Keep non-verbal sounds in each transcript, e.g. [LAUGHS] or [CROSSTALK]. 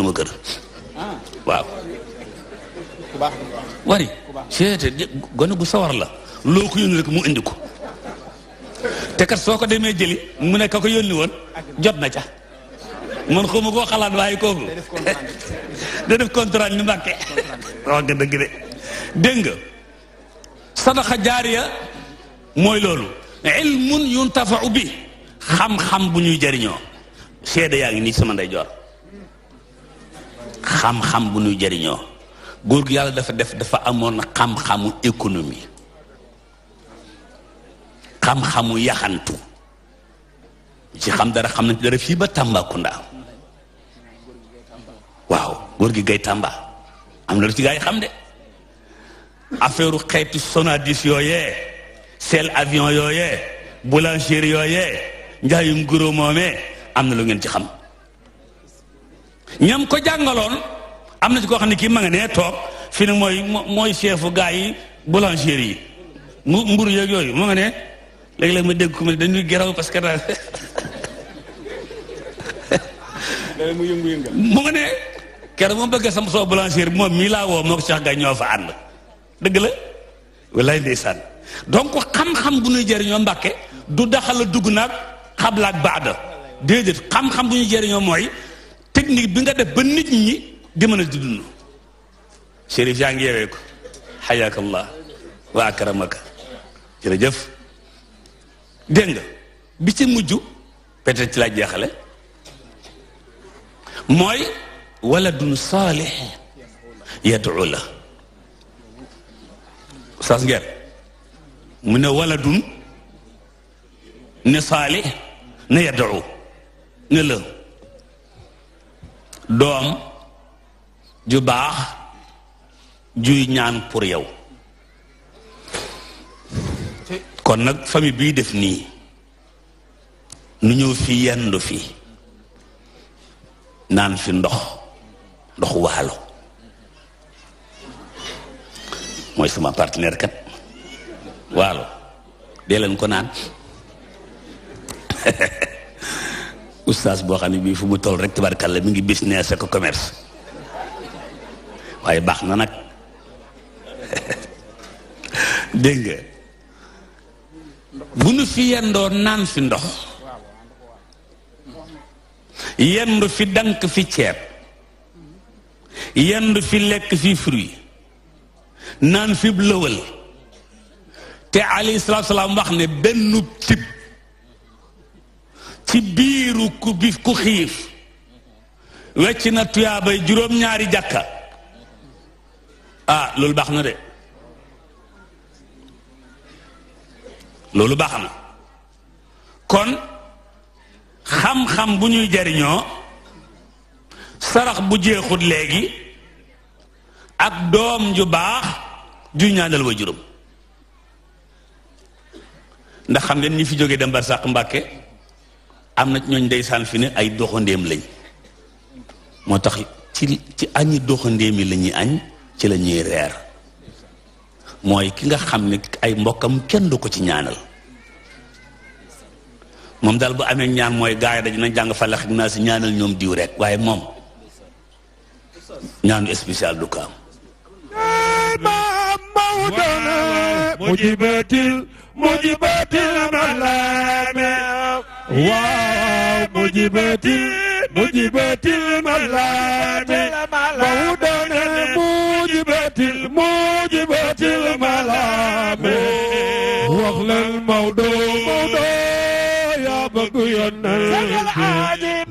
sama kër waaw wari seete gone gu sawar la loo ko yónni rek mu indi ko te kat soo ko jëli mu ne ka ko yónni jot na ca man xawma koo xalaat waaye kooku da def contrat ñu mbàkke wax nga dëgg de dégg nga sadaxa jaariya mooy loolu ilmun yuntafau bi xam-xam bu ñuy jariñoo seede yaa ngi sama ndey joor xam-xam bu ñu jëriñoo góor gi yàlla dafa def dafa amoon xam-xamu économie xam-xamu yaxantu ci xam dara xam na dara fii ba Tambacounda waaw góor gi gay Tamba am na lu ci gaa yi xam de affaire xeetu Sonadis yooyee sel avion yooyee boulangerie yooyee njaayum guro am na lu ngeen ci ñam ko jangalon amna ci ko xamni ki ma nga ne tok fi ne moy moy chefu gaay yi boulangerie yi mu mburu yeeg yooyu ma nga ne leg leg ma deg ko ma dañuy geraw parce que daal mu yeng yeng [LAUGHS] mu nga ne keroog mo bëgg sam so boulangerie mom mi la wo moo ko Cheikh Gaye ñoo fa ànd dëgg la wallahi ndeysaan donc xam-xam bu ñuy jëriñoo mbacké du daxal dugg naag baada dedet xam-xam bu ñuy jëriñoo moy technique bi nga def ba nit ñi di mën a di dund chérif yaa ngi yewee ko xayaakallah wa akramaka jërëjëf dégg nga bi ci mujj peut ci la jeexale mooy waladun saalix yadu la saas ngeer mu ne waladun ne saalix ne yadu la dom ju bax ju ñaan pour yow kon nak fami bi def ni nu ñëw fi yendu fi naan fi ndox ndox walu moy sama partenaire kat walu de ko naan [LAUGHS] oustaz boo xam ne bii fu mu toll rek tubaarkàlla mu ngi business ak commerce waaye baax na nag [LAUGHS] dégg nga bu nu fi yendoo naan fi ndox yendu fi dank fi ceeb yendu fi lekk fi fruit naan fi lëwal te alayhi salaatu salaam wax ne benn tib ci biiru ku ku xiif wecc na tuyaabay juróom-ñaari jàkka ah loolu baax na de loolu baax na kon xam-xam bu ñuy jariñoo sarax bu jeexut léegi ak doom ju baax ju ñaanal wa juróom ndax xam ngeen ñi fi jógee dem ba sàq mbàkke am na ñooñ ndeysaan fi ne ay doxandéem lañ moo tax ci ci añi doxandéem yi añ ci la ñuy reer mooy ki nga xam ne ay mbokkam kenn du ko ci ñaanal moom daal bu amee ñaan mooy gaa yi dañu nañ jàng falax naa si ñaanal ñoom diw rek waaye moom ñaanu spécial du ko am mujibatil mujibatil waaw mujibatil mujibatil malaati ba wu doone mujibatil mujibatil malaami wax leen Maodo Maodo yaa bëgg yónnee bi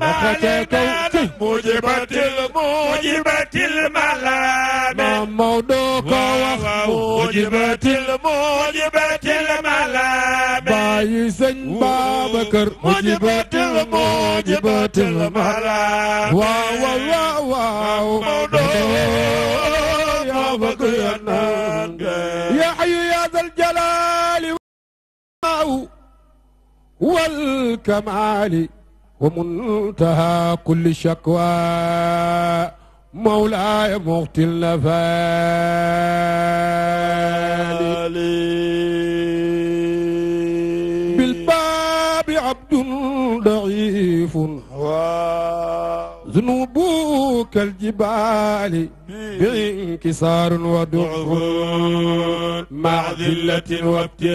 wax ca kaw mujibatil mujibatil الملام مودوك موجبة الموجبة الملام باي سن بابكر موجبة الموجبة الملام واو واو واو مودوك يا فقيرنا يا حي يا ذا الجلال والكمال ومنتهى كل شكوى مولاي مقت النفالي بالباب عبد ضعيف ذنوبه كالجبال بانكسار ودعف مع ذلة وابتهال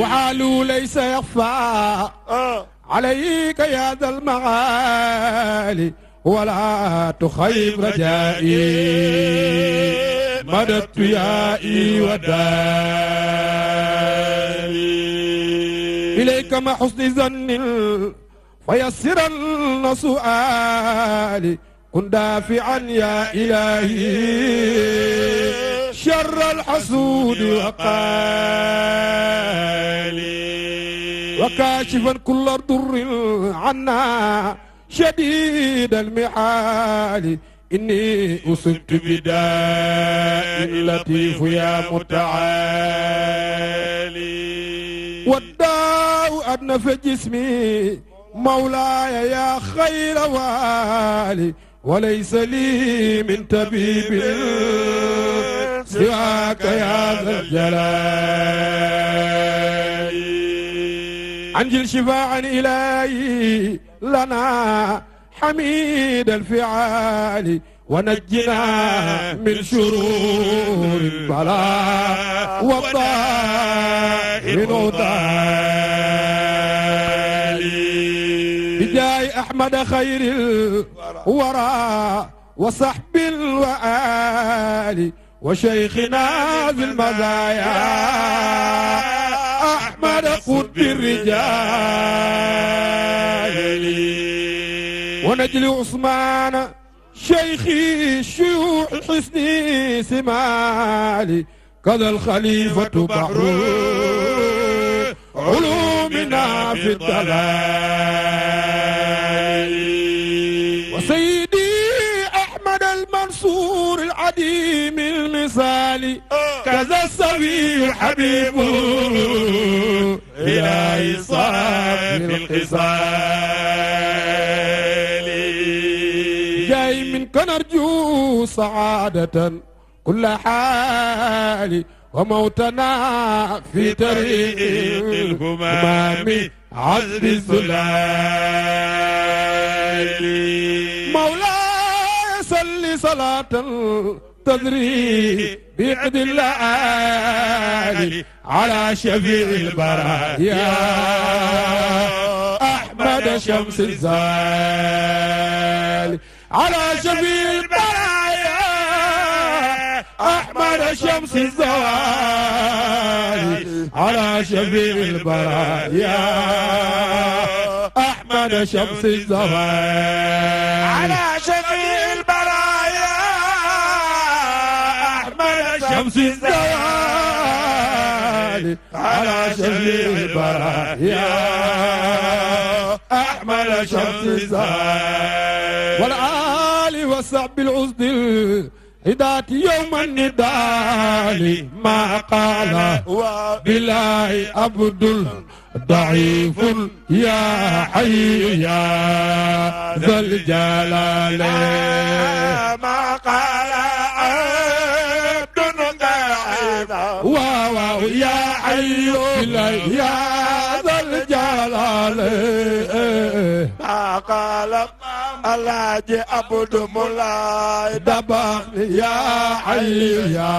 وحاله ليس يخفى آه. عليك يا ذا المعالي ولا تخيب رجائي مددت يا إي ودائي إليك ما حسن ظن فيسر سؤالي كن دافعا يا إلهي شر الحسود وقالي وكاشفا كل ضر عنا شديد المحال إني أصبت بداء لطيف يا متعالي والداء في جسمي مولاي يا خير والي وليس لي من طبيب سواك يا ذا الجلال عنجل شفاعا إلهي لنا حميد الفعال ونجنا من شرور البلاء والضائر بجاي أحمد خير الورى وصحب الوآل وشيخنا في المزايا أحمد قد بالرجال ونجل عثمان شيخي الشيوخ حسني سمالي كذا الخليفة بحر علومنا في الدلال العديم المثال كذا الصغير حبيب إلى إصاف القصال جاي منك نرجو سعادة كل حال وموتنا في طريق الهمام عز السلال مولاي صلاة تدري بعد الله على شفيع البرايا أحمد شمس الزال على شفيع البرايا أحمد شمس الزوال على شفيع البرايا أحمد شمس الزوال على شفيع شمس الزوال على شمس البرايا أحمل شمس الزوال والآل والصعب العزد هدات يوم النضال ما قال بالله عبد ضعيف يا حي يا ذا الجلالين يا ذا الجلال ما قال الحاج عبد مولاي دبخ يا حي يا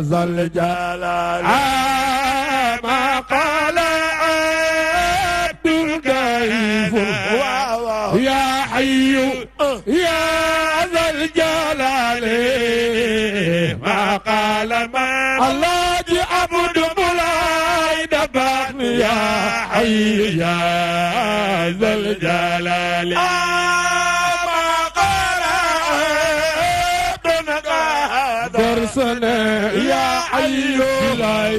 ذا الجلال ما قال عبد الكيف يا حي يا ذا الجلال ما قال ما الله بخن يا حي يا ذا الجلال ما قرأ درسنا يا حي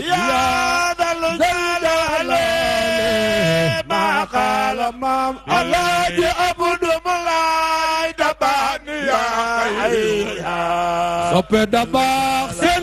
يا ذا الجلال ما قال مام الله عبد ملاي دبان يا حي يا صبر دباخ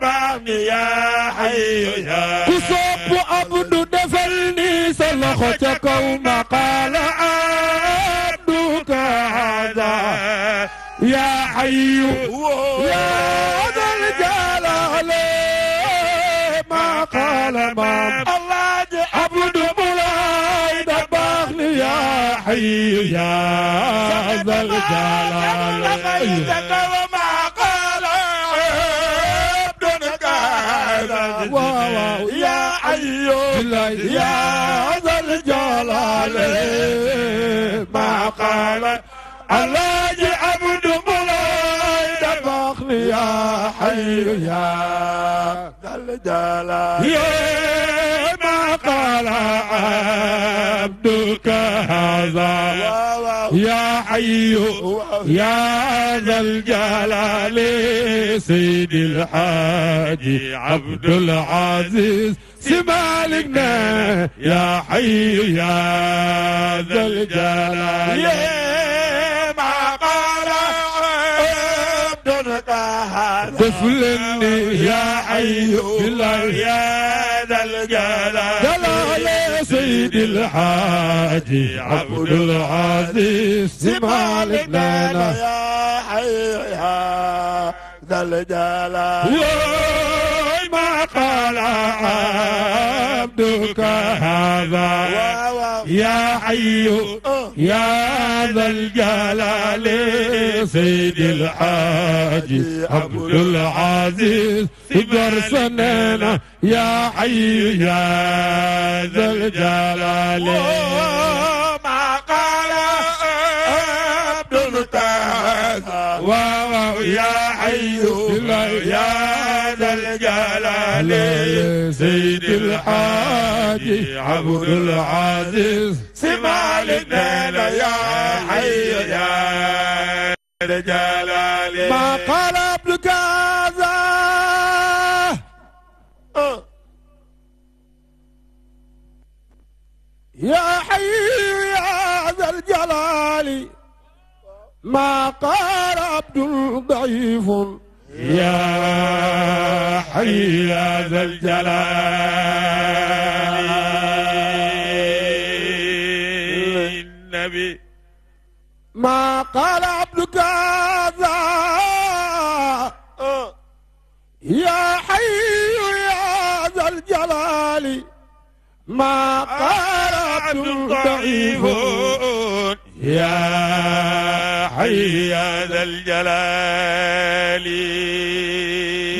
baam yaa xayu yaa ku sopp Abdu defal ni sa loxo ca kaw ma qaala abduka hada yaa xayu yaa dal jalaale ma qaala maam allah Abdu Mulaay da baax ni yaa xayu yaa dal jalaale يا ذا الجلال ما قال الله عبد مولاي فخري يا حي يا ذا الجلال ما قال عبدك هذا يا حي يا ذا الجلال سيدي الحاج عبد العزيز سمالكنا يا حي يا ذا الجلال ما قال عبد يا حي يا ذا الجلال يا سيد الحاج عبد العزيز سمالكنا يا حي يا ذا الجلال قال عبدك هذا يا حي يا ذا الجلال سيد الحاج عبد العزيز اقدر سننا يا حي يا ذا الجلال ما قال عبد المتاز يا حي يا ذا الجلال سيد الحاج عبد العزيز سمع لنا يا حي يا ذا الجلال ما قال عبد الكازا أه. يا حي يا ذا الجلال ما قال عبد ضعيف يا حي يا ذا الجلال النبي ما قال عبدك هذا أه. يا حي يا ذا الجلال ما آه، قال عبد ضعيف يا حي يا ذا الجلال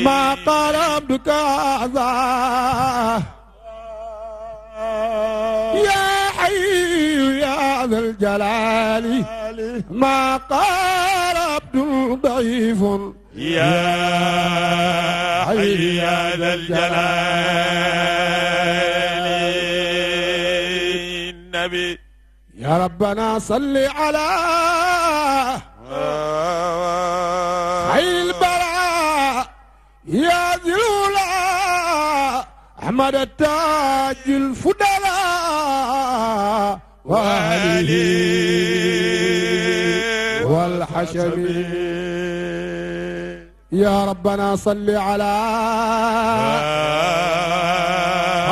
ما طلبك هذا يا حي يا ذا الجلال ما قال ضعيف يا حي يا ذا الجلال النبي يا ربنا صل على خير البراء يا ذي احمد التاج الفضلاء واهله والحشم يا ربنا صل على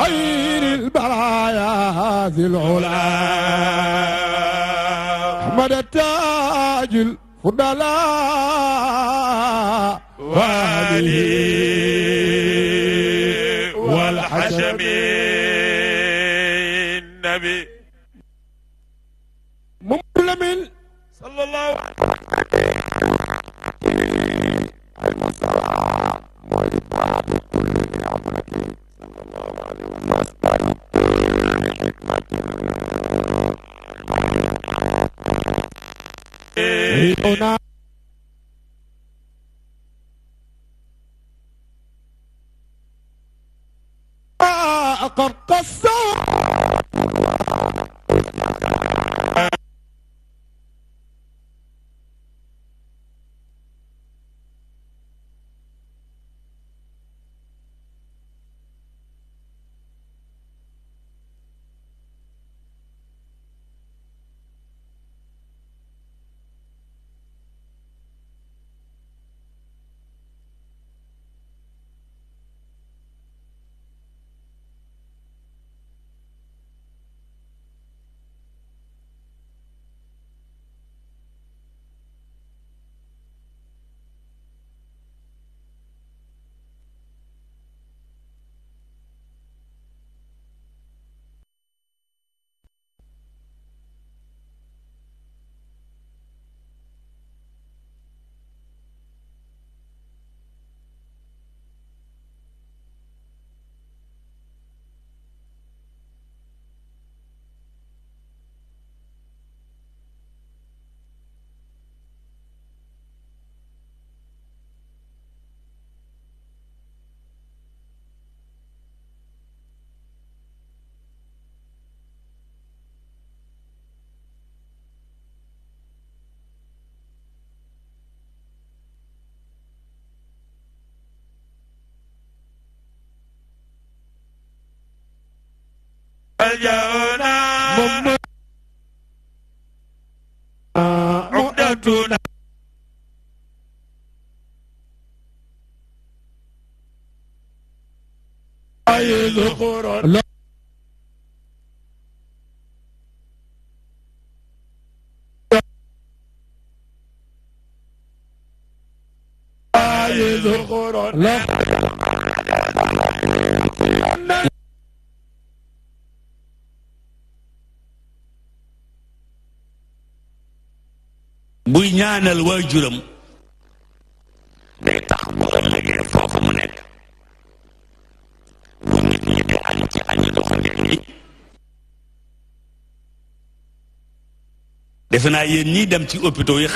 خير البرايا ذي العلا محمد تاج الفضلاء والي والحشم النبي مملم صلى الله عليه jauna mumu ah ukda uh, tuna ayu zukhur ayu zukhur ñaanal waajuram day tax bu ëllëgee foofu naa yéen ñiy dem ci hôpitaux yi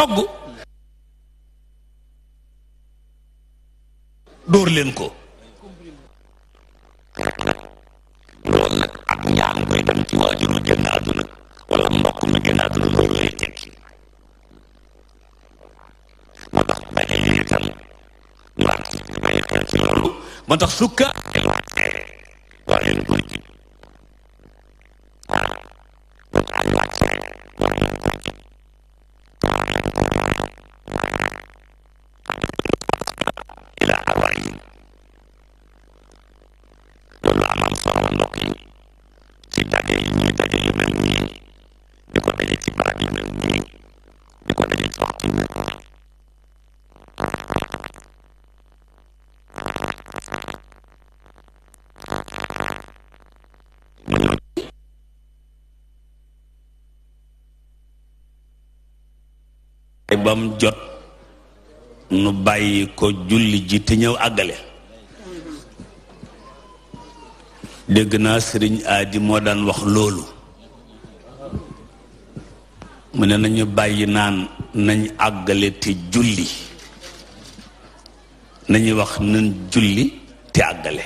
togg dóor leen ko loolu nag ak ñaan koy dem ci waajur mu génn àdduna wala mbokk mu génn àdduna loolu lay tekki moo tax daje yi itam ñu am ci bàyyi xel ci loolu moo tax sukka bam jot nu bàyyi ko julli ji te ñëw àggale dégg naa sëriñ aadi moo daan wax loolu mu ne nañu bàyyi naan nañ àggale te julli nañu wax nañ julli te àggale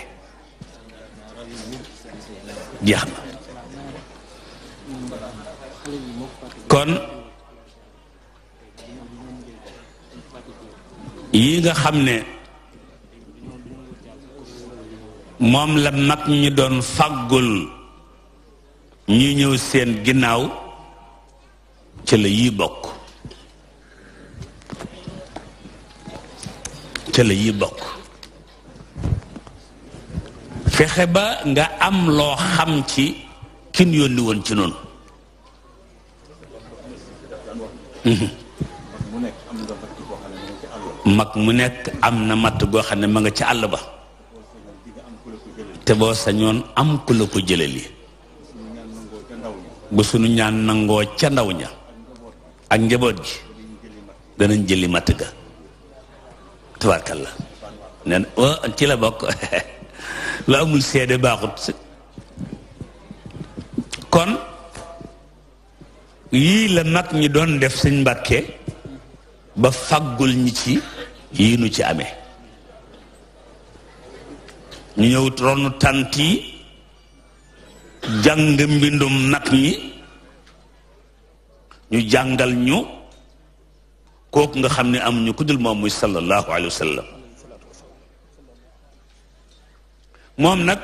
na yi nga xam ne moom la mag ñi doon fàggul ñi ñëw seen ginnaaw ci la yi bokk ci la yi bokk fexe ba nga am loo xam ci kin yónni woon ci noonu mag mu nekk am na matt goo xam ne ma nga ca àll ba te boo sañoon am ku la ko jëlali bu sunu ñaan nangoo ca ndaw ña ak njaboot gi danañ jëli matt ga tabarkalla nee ci la bokk [LAUGHS] lu amul seede baaxut kon yii la mag ñi doon def sëñ Mbàkke ba faggul ñi ci yii nu ci ame ñu ñëw ronu tànt yi jàng mbindum mag ñi ñu jàngal ñu kooku nga xam ne am ñu ku dul moom muy sallallahu alayhi wa moom nag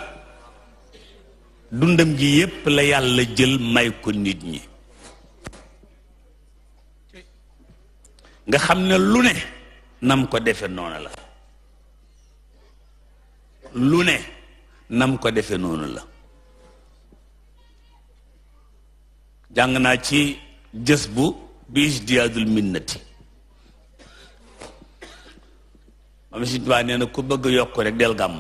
dundam gi yépp la yàlla jël may ko nit ñi nga xam ne lu ne nam ko defe noonu la lu ne nam ko defe noonu la jàng naa ci jës bu biis diyaadul minnati mam si tubaa nee ku bëgg yokk rek del gàmm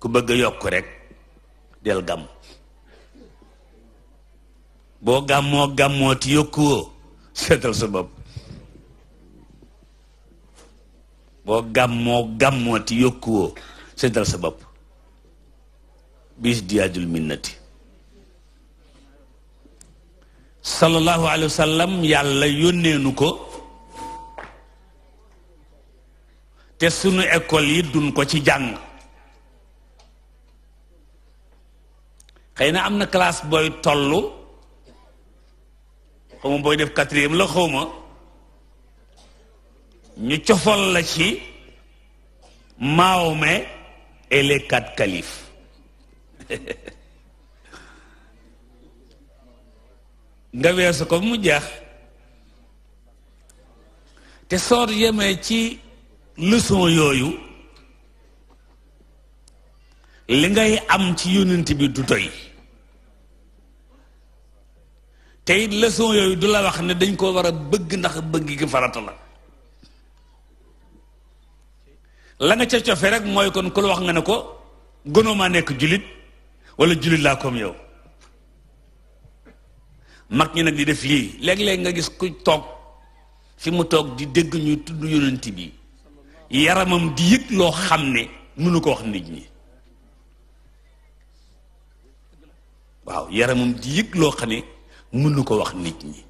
ku bëgg yokk rek del gàmmu boo gàmmoo gàmmoo ti yokkuwoo seetal sa bopp boo gàmmoo gàmmooti yokkuwoo seddal sa bopp bis diyaajul minnati sallallahu alayhi wa sallam yàlla yónneenu ko te sunu école yi dun ko ci jàng xëy na am na classe booy tollu xawma booy def quatrième la xawma ñu cofal la ci Mahomet et les quatre califes [LAUGHS] nga weesu ko mu jaax te soo yemee ci leçon yooyu li ngay am ci yonent bi du doy te it leçon yooyu du la wax ne dañ koo war a bëgg ndax bëgg gi farata la la ca cofe rek mooy kon ku la wax nga ne ko gënoo maa nekk jullit wala jullit laa comme yow mag ñi nag di def lii léeg-léeg nga gis ku toog fi mu toog di dégg ñuy tudd yonent bi yaramam di yëg loo xam ne mënu ko wax nit ñi waaw yaramam di yëg loo xam ne mënu ko wax nit ñi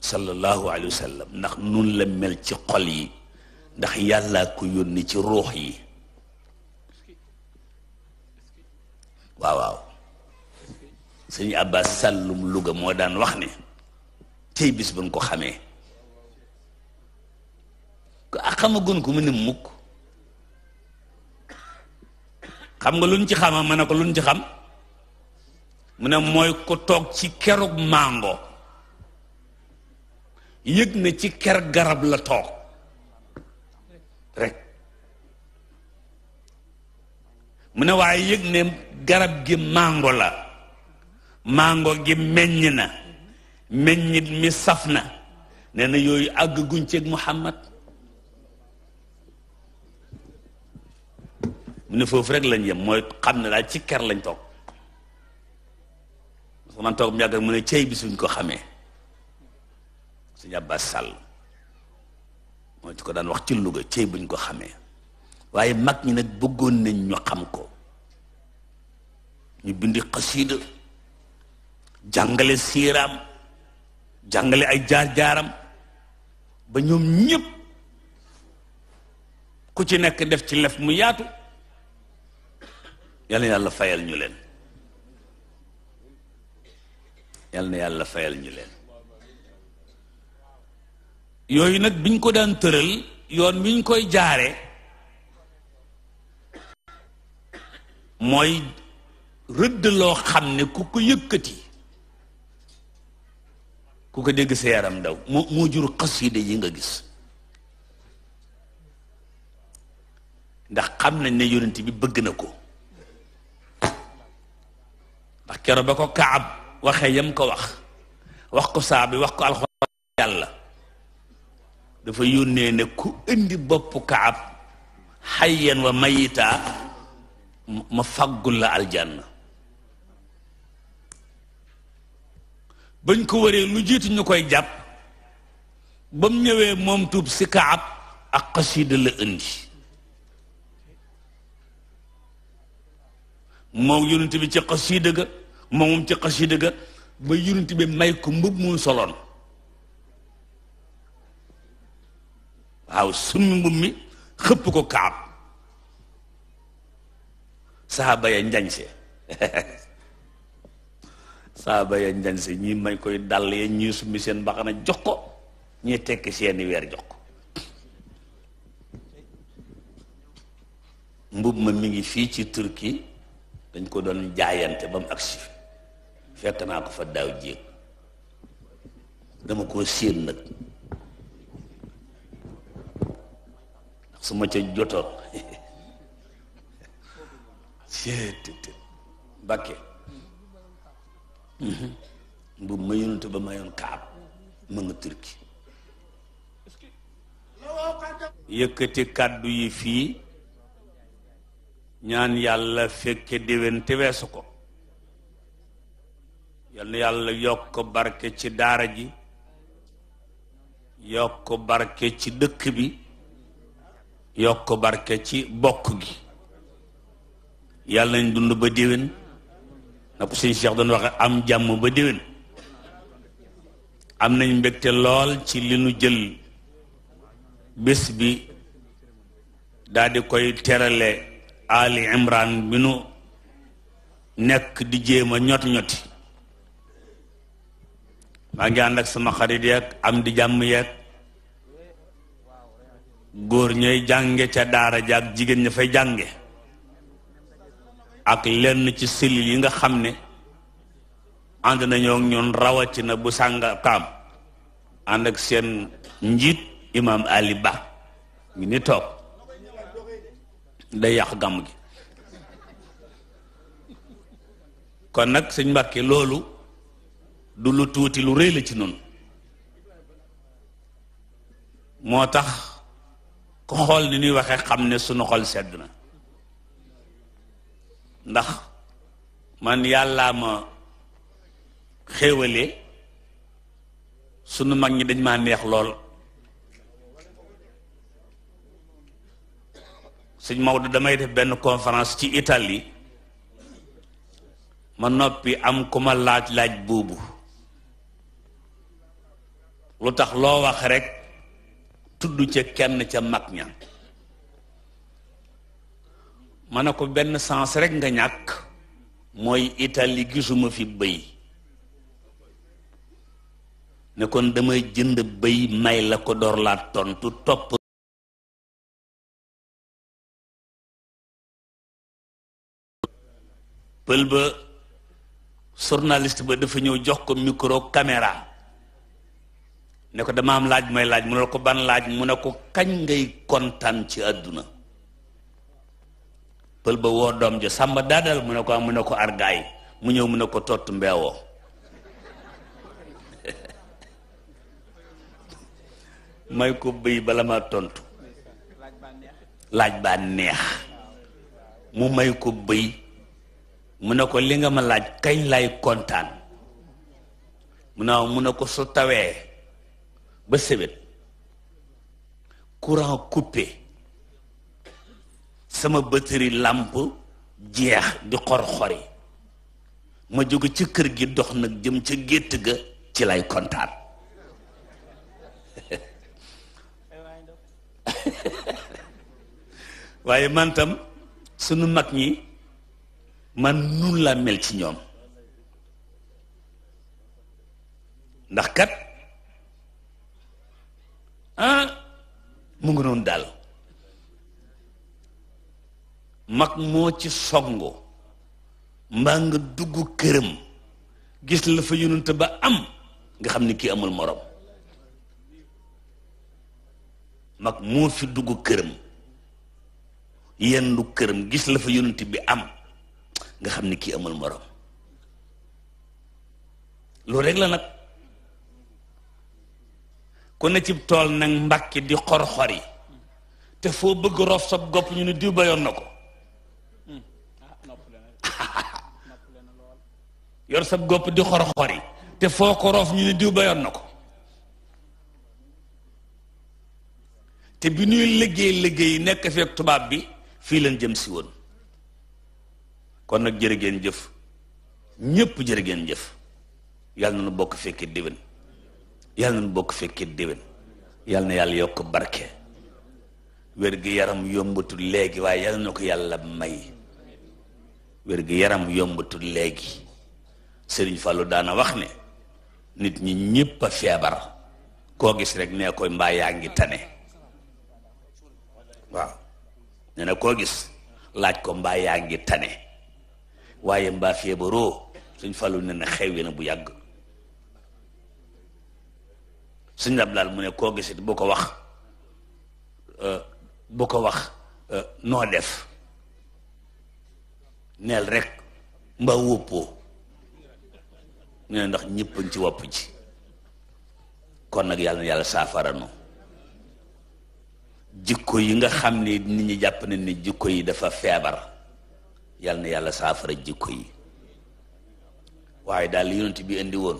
sallallahu alayhi wa sallam ndax nun la mel ci xol yi ndax yàllaa ko yónni ci ruux yi waaw waaw sëñ Abbas Sàllum Louga moo daan wax ne tey bis buñ ko xamee ko ak ah, xamagun ko mu ne mukk xam nga luñ ci xama ma ne ko luñ ci xam mu ne mooy ko toog ci kerug màngo yëg na ci ker garab la toog rek mu ne waaye yëg ne garab gi màngo la màngo gi meññ na meññit mi saf na nee yooyu àgg guñ ceeg Muhammad mu ne foofu rek lañ yem mooy xam ne daal ci ker lañ toog ma que man toog mu yàgg mu ne cey bi suñ ko xamee suñ Abbas Sall mooy ko daan wax ci Louga cey buñ ko xamee waaye mag ñi nag bëggoon nañ ñu xam ko ñu bindi xasiida jàngale siiraam jàngale ay jaar-jaaram ba ñoom ñëpp ku ci nekk def ci lef mu yaatu yal na yàlla fayal ñu leen yal na yàlla fayal ñu leen yooyu nag biñ ko daan tëral yoon biñ koy jaare mooy rëdd loo xam ne ku ko yëkkati ku ko dégg sa yaram ndaw moo moo jur xasida yi nga gis ndax xam nañ ne yonent bi bëgg na ko ndax kero ba ko kaab waxee yam ko wax wax ko saabi wax ko alxuraan yàlla dafa yónnee ne ku indi bopp kaab xayyan wa mayitaa ma faggul la aljanna bañ ko waree lu jiitu ñu koy jàpp ba mu ñëwee moom tuub si kaab ak xasiida la indi moom yonent bi ci xasiida ga moom ci xasiida ga ba yonent bi may ko mu soloon waaw summi mbubb mi xëpp ko kaab saaba ya njañse [LAUGHS] saaba ya njañse ñii may koy dàll ya ñii summi seen mbaxana jox ko ñii tekki seeni weer jox ko mbubb ma mu ngi fii ci turki dañ ko doon jaayante ba mu agsi fekk naa ko fa daaw jéeg dama koo séen nag su ma ca jotoon ceetëtë bàkke mhm. bu ma yonante ba mayoon kaab ma turki yëkkati kàddu yi fii ñaan yàlla fekke déwén te ko yal yàlla yokk barke ci daara ji yokk barke ci dëkk bi yokk barke ci bokk gi yàlla nañ dund ba déwén na ko sëñ Cheikh doon waxe am jàmm ba déwén am nañ mbégte lool ci li nu jël bés bi daldi koy terale Ali Imran bi nu nekk di jéem a ñoti ñoti maa ngi ànd ak sama xarit yeeg am di jàmm yeeg góor ñooy jànge ca daara ja jigéen ña fay jànge ak lenn ci selil yi nga xam ne ànd nañoo ñun rawatina bu Sàngalkam ànd ak seen njiit imam Ali Ba ngi ni toog da yàq gam gi kon nag sëñ Mbàkke loolu du lu tuuti lu rëy la ci noonu moo tax ku xool ni ñuy waxee xam ne sunu xol sedd na ndax man yàllaa ma xéewalee sunu mag ñi dañ ma neex lool sëñ Maodo damay def benn conférence ci Italie ma noppi am ku ma laaj laaj boobu lu tax loo wax rek tudd ca kenn ca mag ña ma ko benn sens rek nga ñàkk mooy Italie gisuma fi bëy ne damay jënd bëy may la ko dor laa tontu topp pël ba journaliste ba dafa ñëw jox ko micro kamera ne ko dama am laaj may laaj mu ne ko ban laaj mu ne ko kañ ngay kontaan ci àdduna pël ba woo doom ja sàmba daadal mu ne ko mu ne ko argaay mu ñëw mu ne ko tott mbeewoo [LAUGHS] may ko bëy bala ma tontu laaj ba neex mu may ko bëy mu ne ko li nga ma laaj kañ lay kontaan mu ne mu ne ko su tawee ba sëbét courant coupé sama batterie làmp jeex di xor-xori ma jóge ci kër gi dox nag jëm ca gétt ga ci lay kontaan [LAUGHS] waaye mantam tam sunu mag ñi man nun la mel ci ñoom ndax kat ah mu ngi noonu daal mag moo ci songu mbaa nga dugg këram gis la fa yonent ba am nga xam ni kii amul morom mag moo fi dugg këram yendu këram gis la fa yonent bi am nga xam ni kii amul morom loolu rek la nag ku ne cib tool nag mbàkki di xor-xor yi te foo bëgg rof sab gopp ñu ne diw bayoon na ko yor sab gopp di te foo ko rof ñu bayoon na ko te bi ñuy liggéey liggéey nekk feeg tubaab bi fii leen jëm si woon kon nag jërë ngeen jëf ñépp jërë ngeen jëf yàlla na nu bokk fekkee déwén yàlla nañ bokk fekkee déwén yàlla na yàlla yokk barke wér-gi-yaram yombatul léegi waaye yàlla na ko yàlla may wér-gi-yaram yombatul léegi sëriñ Fallou daana wax ne nit ñi ñépp a feebar koo gis rek nee koy mbaa yaa ngi tane koo gis laaj ko mbaa yaa waaye mbaa feebaroo sëriñ Fallou nee na na bu yàgg sëñ lab daal mu ne koo gisit bu ko wax euh, bu ko wax euh, noo def neel rek mba wóppoo mu ne ndax ñëppañ ci wopp ji kon nag yàlla yàlla yàlla saafaranu jikko yi nga xam ni nit ñi jàpp ni jikko yi dafa feebar yàlla yàlla saafara jikko yi waaye daal yonent bi indi woon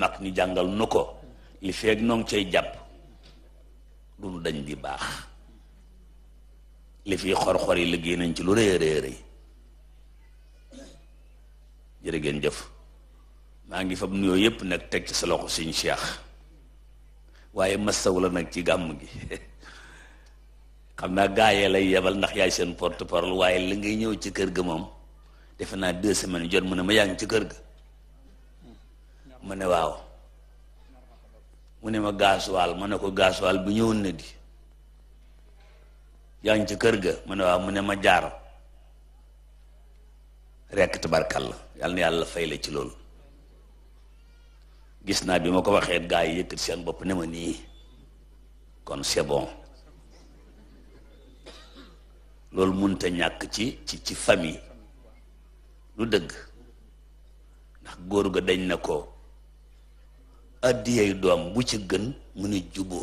mag ñi jàngal nu ko li feeg noo ngi cay jàpp du dañ di baax li fi xor-xor yi liggéey nañ ci lu rëy a rëy rëy jërë jëf maa ngi fab nuyoo yépp nag teg ci sa loxo suñu Cheikh waaye masawu la nag ci gàmm gi [LAUGHS] xam naa gaayee lay yebal ndax yaay seen porte parole waaye li ngay ñëw ci kër gi moom defe naa deux semaines jot mu ne ma yaa ngi ci kër ga hmm. mu ne waaw mu ne ma gaasuwaal ma ne ko gaasuwaal bu ñëwoon na di yaa ngi ci kër ga mu ne waaw mu ne ma jaar rekk tabarkalla yàlla na yàlla fay la ci loolu gis naa bi ma ko waxee gaa yi yëkkat seen bopp ne ma nii kon c'est bon loolu munta ñàkk ci ci ci famille lu dëgg ndax góor ga dañ na ko adiyay doom bu ci gën mu ni juboo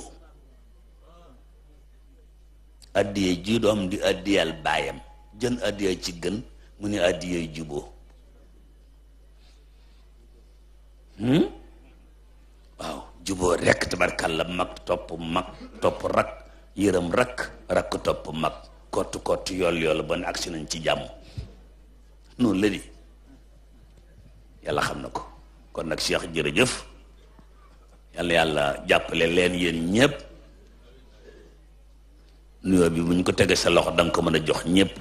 addiyay ji doom di adiyal bayam jën adiyay ci gën mu ni addiyay hmm? waaw jubo rek tabarkalla mak top mak top rak yërëm rak rak top mak kott kott yol yol ban aksi nañ ci jamm non la di yàlla ko kon nak Cheikh jeuf yalla yalla jappale len yeen ñepp nuyo bi buñ ko tege sa lox dang ko mëna jox ñepp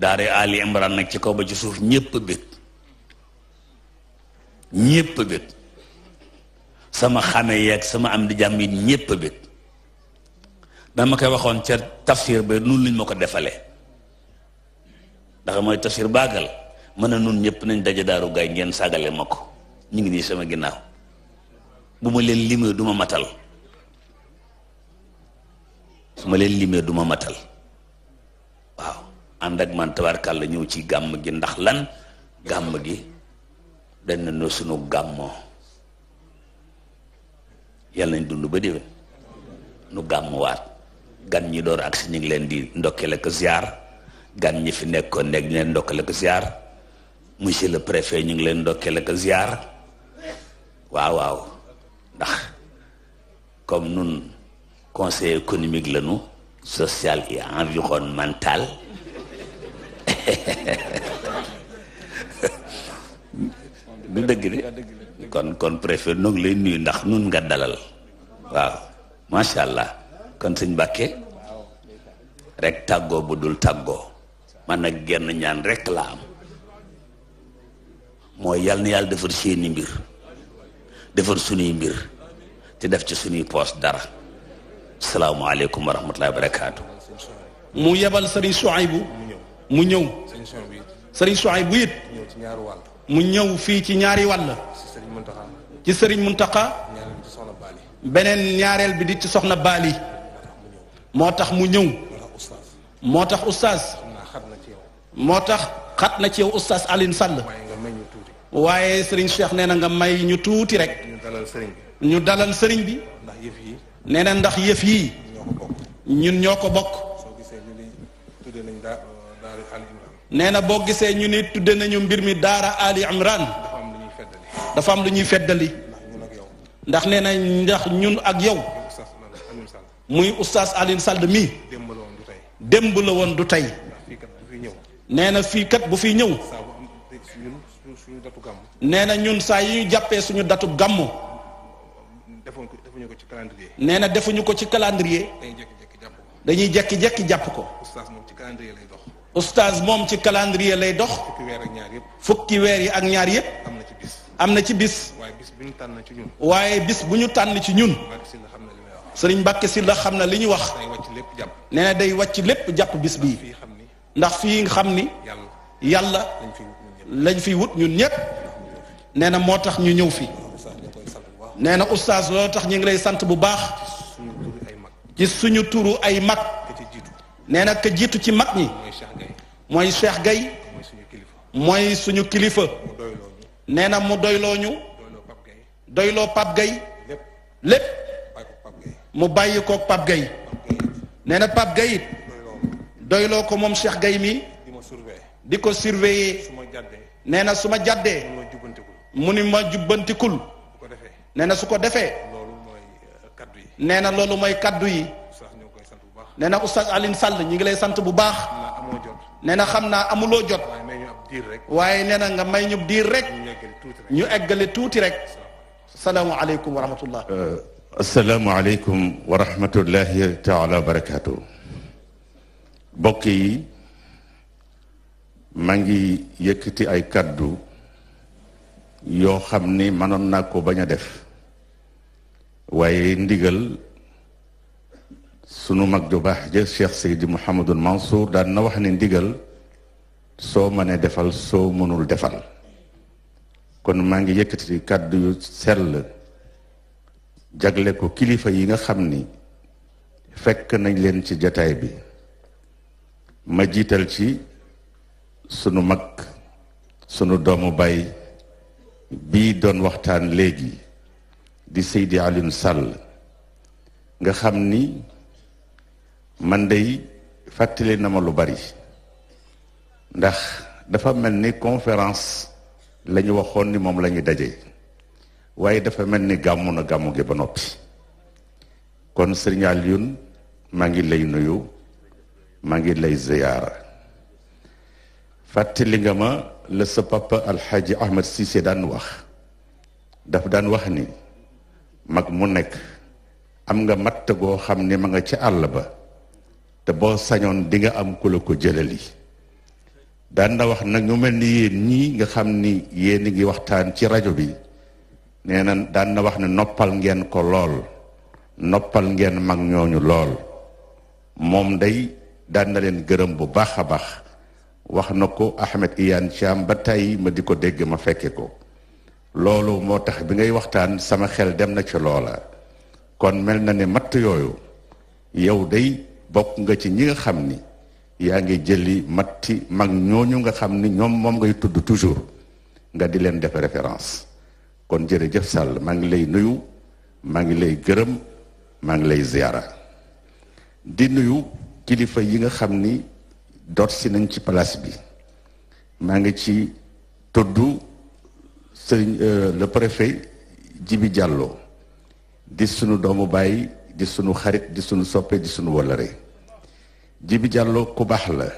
daare Ali Imran nak ci ko ba ci suuf ñepp bet ñepp bet sama xame yak sama am di jammi ñepp bet dama kay waxon ci tafsir be nu luñ mako defale ndax moy tafsir bagal, mana nun ñepp nañ dajé daru gay ngeen sagalé ma ñi ngi ni sama ginnaw buma len limé duma matal suma len limé duma matal waaw and ak man tabarkàlla ñew ci gam gi ndax lan gam gi dañ na suñu gàmmoo yalla ñu dund ba nu waat gan ñi door ak si ngi len di ak ziar gan ñi fi nekkon nek ñu leen ak ziar monsieur le préfet ñu ngi len ndokkeel ak ziar waaw waaw comme nun conseil économique le nu social et environnemental [LAUGHS] du dëgg de kon kon préfet noo ngi lay nuyu ndax nun nga dalal waaw macha allah kon sëñ Mbàkke rek tàggoo bu dul tàggoo man ak genn ñaan rek la am mooy yal na seeni mbir defar suñuy mbir te def ci suñuy poos dara salaamualeykum wa rahmatullahi wa barakaatu. mu yebal sëriñ Souhaïbou mu ñëw sëriñ Souhaïbou it mu ñëw fii ci ñaari wàll ci sëriñ Muntaqa beneen ñaareel bi di ci soxna Baali moo tax mu ñëw moo tax oustaz moo tax xat na ci yow oustaz Alioune sal waye serigne Cheikh nee nga may ñu tuuti rek. ñu dalal serigne bi. ñu dalal sëriñ bi. ndax yef yi. nee ndax yëf yii. ñun ñoko bok bokk. bo na ñu ni tudde nañu mbir mi Daara Ali Imran. dafa am lu ñuy feddali. ndax nee ndax ñun ak yow. muy oustaz Alioune Sall mii. démb la woon du tay nee fi kat bu fi ñew nee na ñun saa yi ñu jàppee suñu datu gàmmu. defuñu ko ci calendrier. nee na defuñu ko ci calendrier. dañuy jekki-jekki jàpp ko. oustaz moom ci calendrier lay dox. fukki weer ak ñaar yëpp. fukki yi ak ñaar yëpp. am na ci bis. am na ci bis. waaye bis bu ñu tànn ci ñun. waaye bis bu ñu tànn ci ñun. sëriñ Mbàkke si la xam na li ñu wax. nee na day wàcc lépp jàpp bis bii. ndax fii nga xam ni. yàlla. lañ fiy wut ñun ñëpp nee na moo tax ñu ñëw fi nee na oustaz loolu tax ñu ngi lay sant bu baax ci suñu tuuru ay mag nee na ka jiitu ci mag ñi mooy Cheikh Gaye mooy suñu kilifa nee na mu doyloo ñu doyloo Pape Gaye lépp mu bàyyi koog Pape Gaye nee na Pape Gaye doyloo ko moom Cheikh gay mi di ko surveiller nee suma su ma jàddee mu ma jubbantikul nee na su ko defee nee na loolu mooy kaddu yi nee na oustaz Sall ñi ngi lay sant bu baax nee na xam naa amuloo jot waaye nee nga may ñu diir rek ñu eggale tuuti rek alaykum wa rahmatullah. asalaamualeykum wa rahmatullahi taala wa barakaatu. mbokk yi. maa ngi yëkkati ay kàddu yoo xam ni mënoon naa ko bañ a def waaye ndigal sunu mag ju baax ja Cheikh Seydi Mouhamadul Mansour daan na wax ni ndigal soo mënee defal soo mënul defal kon maa ngi yëkkati kàddu yu sell jagle ko kilifa yi nga xam ni fekk nañ leen ci jataay bi ma jiital ci sunu mag sunu doomu baay bii doon waxtaan léegi di Seydi Alioune Sall nga xam ni man day fàttali na ma lu bari ndax dafa mel ni conférence la waxoon ni moom la ñu daje waaye dafa mel ni gàmmu na gàmmu gi ba noppi kon Serigne Alioune maa ngi lay nuyu maa ngi lay ziyaara fàttali nga ma la sa papa alxaji Ahmed Cissé daan wax daf daan wax ni mag mu nekk am nga matt goo xam ne ma nga ca àll ba te boo sañoon di nga am ku la ko jëlali daan na wax nag ñu mel ni yéen nga xam ni yéen ngi waxtaan ci rajo bi nee na daan wax ne noppal ngeen ko lool noppal ngeen mag ñooñu lool moom dey daan na leen gërëm bu baax a baax wax na ko Ahmed Iyane Thiam ba tey ma di ko dégg ma fekke ko loolu moo tax bi ngay waxtaan sama xel dem na ci loola kon mel na ne matt yooyu yow day bokk nga ci ñi nga xam ni yaa ngi jëli matti mag ñooñu nga xam ni ñoom moom ngay tudd toujours nga di leen def référence kon jërëjëf Sall maa ngi lay nuyu maa ngi lay gërëm maa ngi lay ziyaara di nuyu kilifa yi nga xam ni doot si nañ ci place bi maa ngi ci toddu sëriñ euh, le préfet jibi jàlloo di sunu doomu baay di sunu xarit di sunu soppe di sunu wolare Djibi jàlloo ku baax la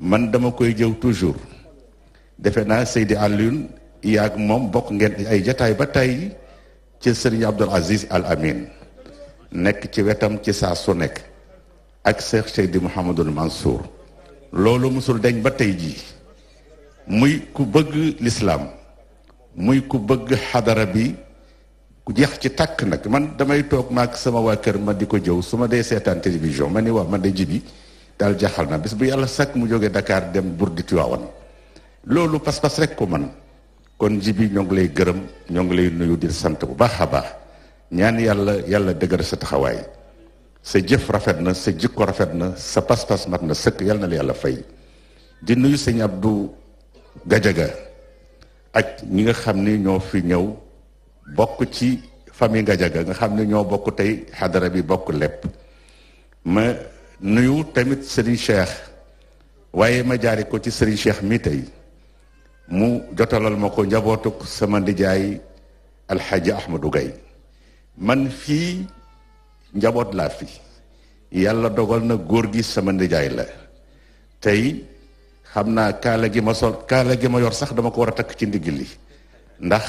man dama koy jëw toujours defe naa Seydi Alioune yaag moom bokk ngeen ay jataay ba tey ci sëriñ Abdoul Aziz Al Amin nekk ci wetam ci saa su nekk ak Cheikh Seydi Mouhamadul Mansour loolu musul deñ ba tey jii muy ku bëgg lislaam muy ku bëgg xadara bi ku jeex ci tàkk nag man damay toog maak sama waa kër ma di ko jëw su ma dee seetaan télévision ma ni waa man de jibi daal jaaxal na bis bu yàlla sakk mu jógee Dakar dem bur burdi Tiwaawan loolu pas-pas rek ko man kon jibi ñoo ngi lay gërëm ñoo ngi lay nuyu di sant bu baax a baax ñaan yàlla yàlla dëgër sa taxawaay sa jëf rafet na sa jikko rafet na sa pas-pas mat na sëkk yal na la yàlla fay di nuyu sëñ Abdou Gajaga ak ñi nga xam ni ñoo fi ñëw bokk ci famille Gajaga nga xam ni ñoo bokk tey xadara bi bokk lépp ma nuyu tamit Serigne Cheikh waaye ma jaari ko ci Serigne Cheikh mi tey mu jotalal ma ko njabootuk sama ndijaay Alxaaji Ahmadou Gaye man fii njaboot laa fi yàlla dogal na góor gi sama ndijaay la tey xam naa kaala gi ma sol kaala gi ma yor sax dama ko war a takk ci ndigg li ndax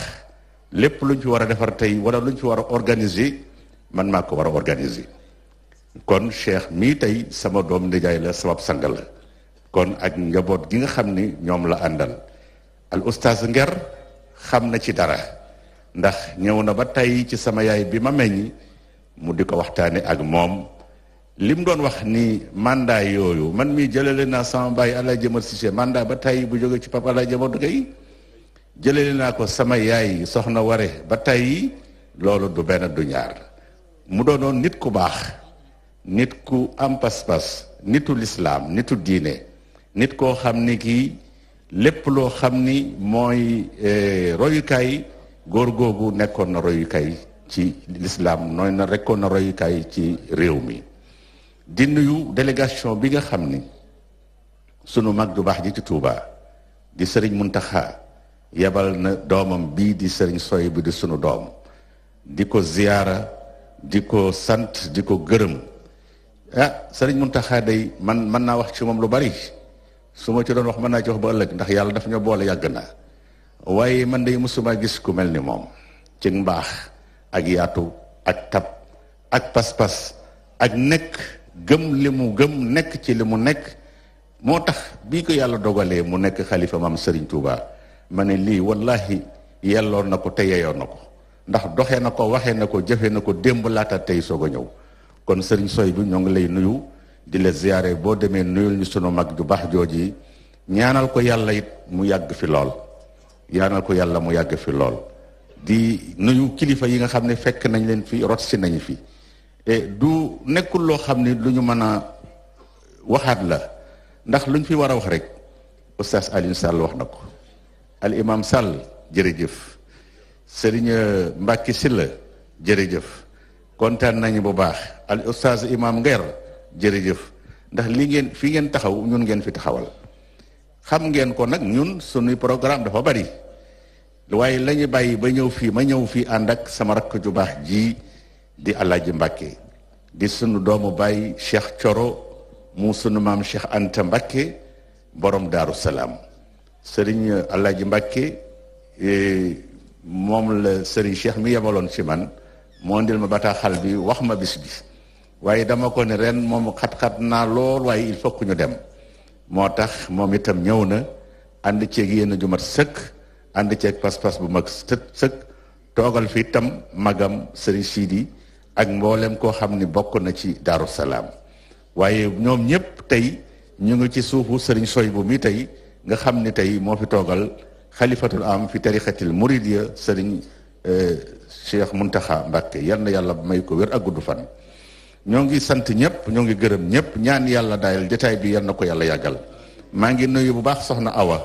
lépp luñ fi war a defar tey wala luñ fi war a organiser man maa ko war a organiser kon cheikh mii tey sama doom ndijaay la sabab sang la kon ak njaboot gi nga xam ni ñoom la àndal al oustaz nger xam na ci dara ndax ñëw na ba tey ci sama yaay bi ma meññ mu di ko waxtaane ak moom li mu doon wax ni mandat yooyu man mii jëlale naa sama baay Alaaji Amar Cissé mandat ba tàyyi bu jóge ci Papa Alaaji Amar Gueye jëlale naa ko sama yaay soxna ware ba tàyyi loolu du benn du ñaar mu doon nit ku baax nit ku am pas-pas nitu lislaam nitu diine nit koo xam ni kii lépp loo xam ni mooy eh, royukaay góor googu nekkoon na royukaay ci lislaam nooy na rekkoon ko na royukaay ci réew mi di nuyu délégation bi nga xam ni sunu mag du baax ji ci tuuba di sëriñ Muntaxa yebal na doomam bii di sëriñ soy bi di sunu doom di ko ziyaara di ko sant di ko gërëm ah sëriñ Muntaxa dey man mën naa wax ci moom lu bari su ma ci doon wax mën naa ci wax ba ëllëg ndax yàlla dafa ñoo boole yàgg na waaye man day mosuma gis ku mel ni moom ci mbaax ak yaatu ak tab ak pas-pas ak nekk gëm li mu gëm nekk ci li mu nekk moo tax bii ko yàlla dogalee mu nekk xalifa maam Serigne Touba ma ne lii wallahi yelloon na ko te yeyoon na ko ndax doxee na ko waxee na ko jëfee na ko démb laata tey soog a ñëw kon sëriñ Soy bi ñoo ngi lay nuyu di la ziyaare boo demee nuyul ñu sunu mag ju baax jooj jooji ñaanal ko yàlla yit mu yàgg fi lool ñaanal ko yàlla mu yàgg fi lool. di nuyu kilifa yi nga xam ne fekk nañ leen fi rot si nañ fi du nekkul loo xam ne lu ñu mën a waxaat la ndax luñ fi war a wax rek oustaz Alioune Sall wax na ko al imam Sall jërëjëf Serigne euh, Mbacke Sylla jërëjëf kontaan nañu bu baax al oustaz imam Nguer jërëjëf ndax li ngeen fi ngeen taxaw ñun ngeen fi taxawal xam ngeen ko nag ñun sunuy programme dafa bari waaye lañu bàyyi ba ñëw fii ma ñëw fii ànd ak sama rakk ju baax ji di Alaaji Mbàkke di suñu doomu bàyyi Cheikh Coro mu sunu maam Cheikh Anta Mbàkke borom Daaru Salaam sëriñ Alaaji Mbàkke e, moom la sëriñ Cheikh mi yemaloon ci man moo ndil ma bataaxal bi wax ma bis bi waaye dama ko ne ren moom xat-xat naa lool waaye il faut dem moo tax moom itam ñëw na ànd ceeg yéen ju mat sëkk ànd ceeg pas-pas bu mag sët sëkk toogal fi tam magam sëriñ siidi ak mboolem koo xam ni bokk na ci Daaru Salaam waaye ñoom ñëpp tey ñu ngi ci suufu sëriñ soy bu mi tey nga xam ni tey moo fi toogal xalifatul am fi tarixatil muridiya sëriñ euh, Cheikh Muntaxa Mbàkke yan na yàlla may ko wér ak gudd fan ñoo ngi sant ñëpp ñoo ngi gërëm ñëpp ñaan yàlla daayal jotaay bi yan na ko yàlla yàggal maa ngi nuyu bu baax soxna Awa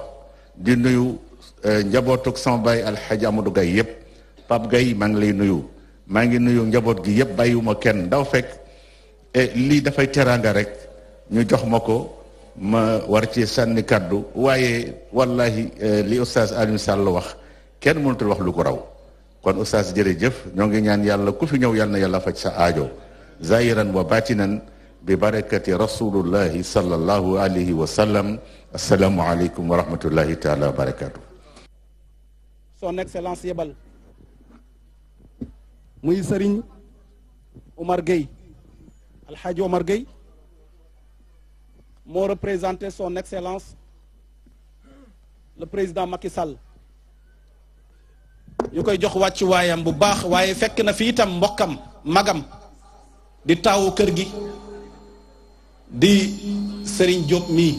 di nuyu Eh, njabootug sama baay alxaaji Amadou Gaye yëpp Pape Gaye maa ngi lay nuyu maa ngi nuyu njaboot gi yëpp bàyyiwuma kenn ndaw fekk eh, lii dafay teraanga rek ñu jox ma ko ma war ci sànni kàddu waaye wallahi eh, li alin Alioune Sall wax kenn mënutul wax lu ko raw kon jële jëf ñoo ngi ñaan yàlla ku fi ñëw yal na yàlla faj sa aajo zahiran wa batinan bi barakati rasulullahi sallallahu alayhi wa sallam asalaamu aleykum wa rahmatullahi taala wa barakatuh son excellence yebal muy serigne Omar Gueye alhaji Omar Gueye mo représenter son excellence le président Macky Sall ñu koy jox wàccu wayam bu baax waye fekk na fi itam mbokam magam di taawu kër gi di serigne Diop mii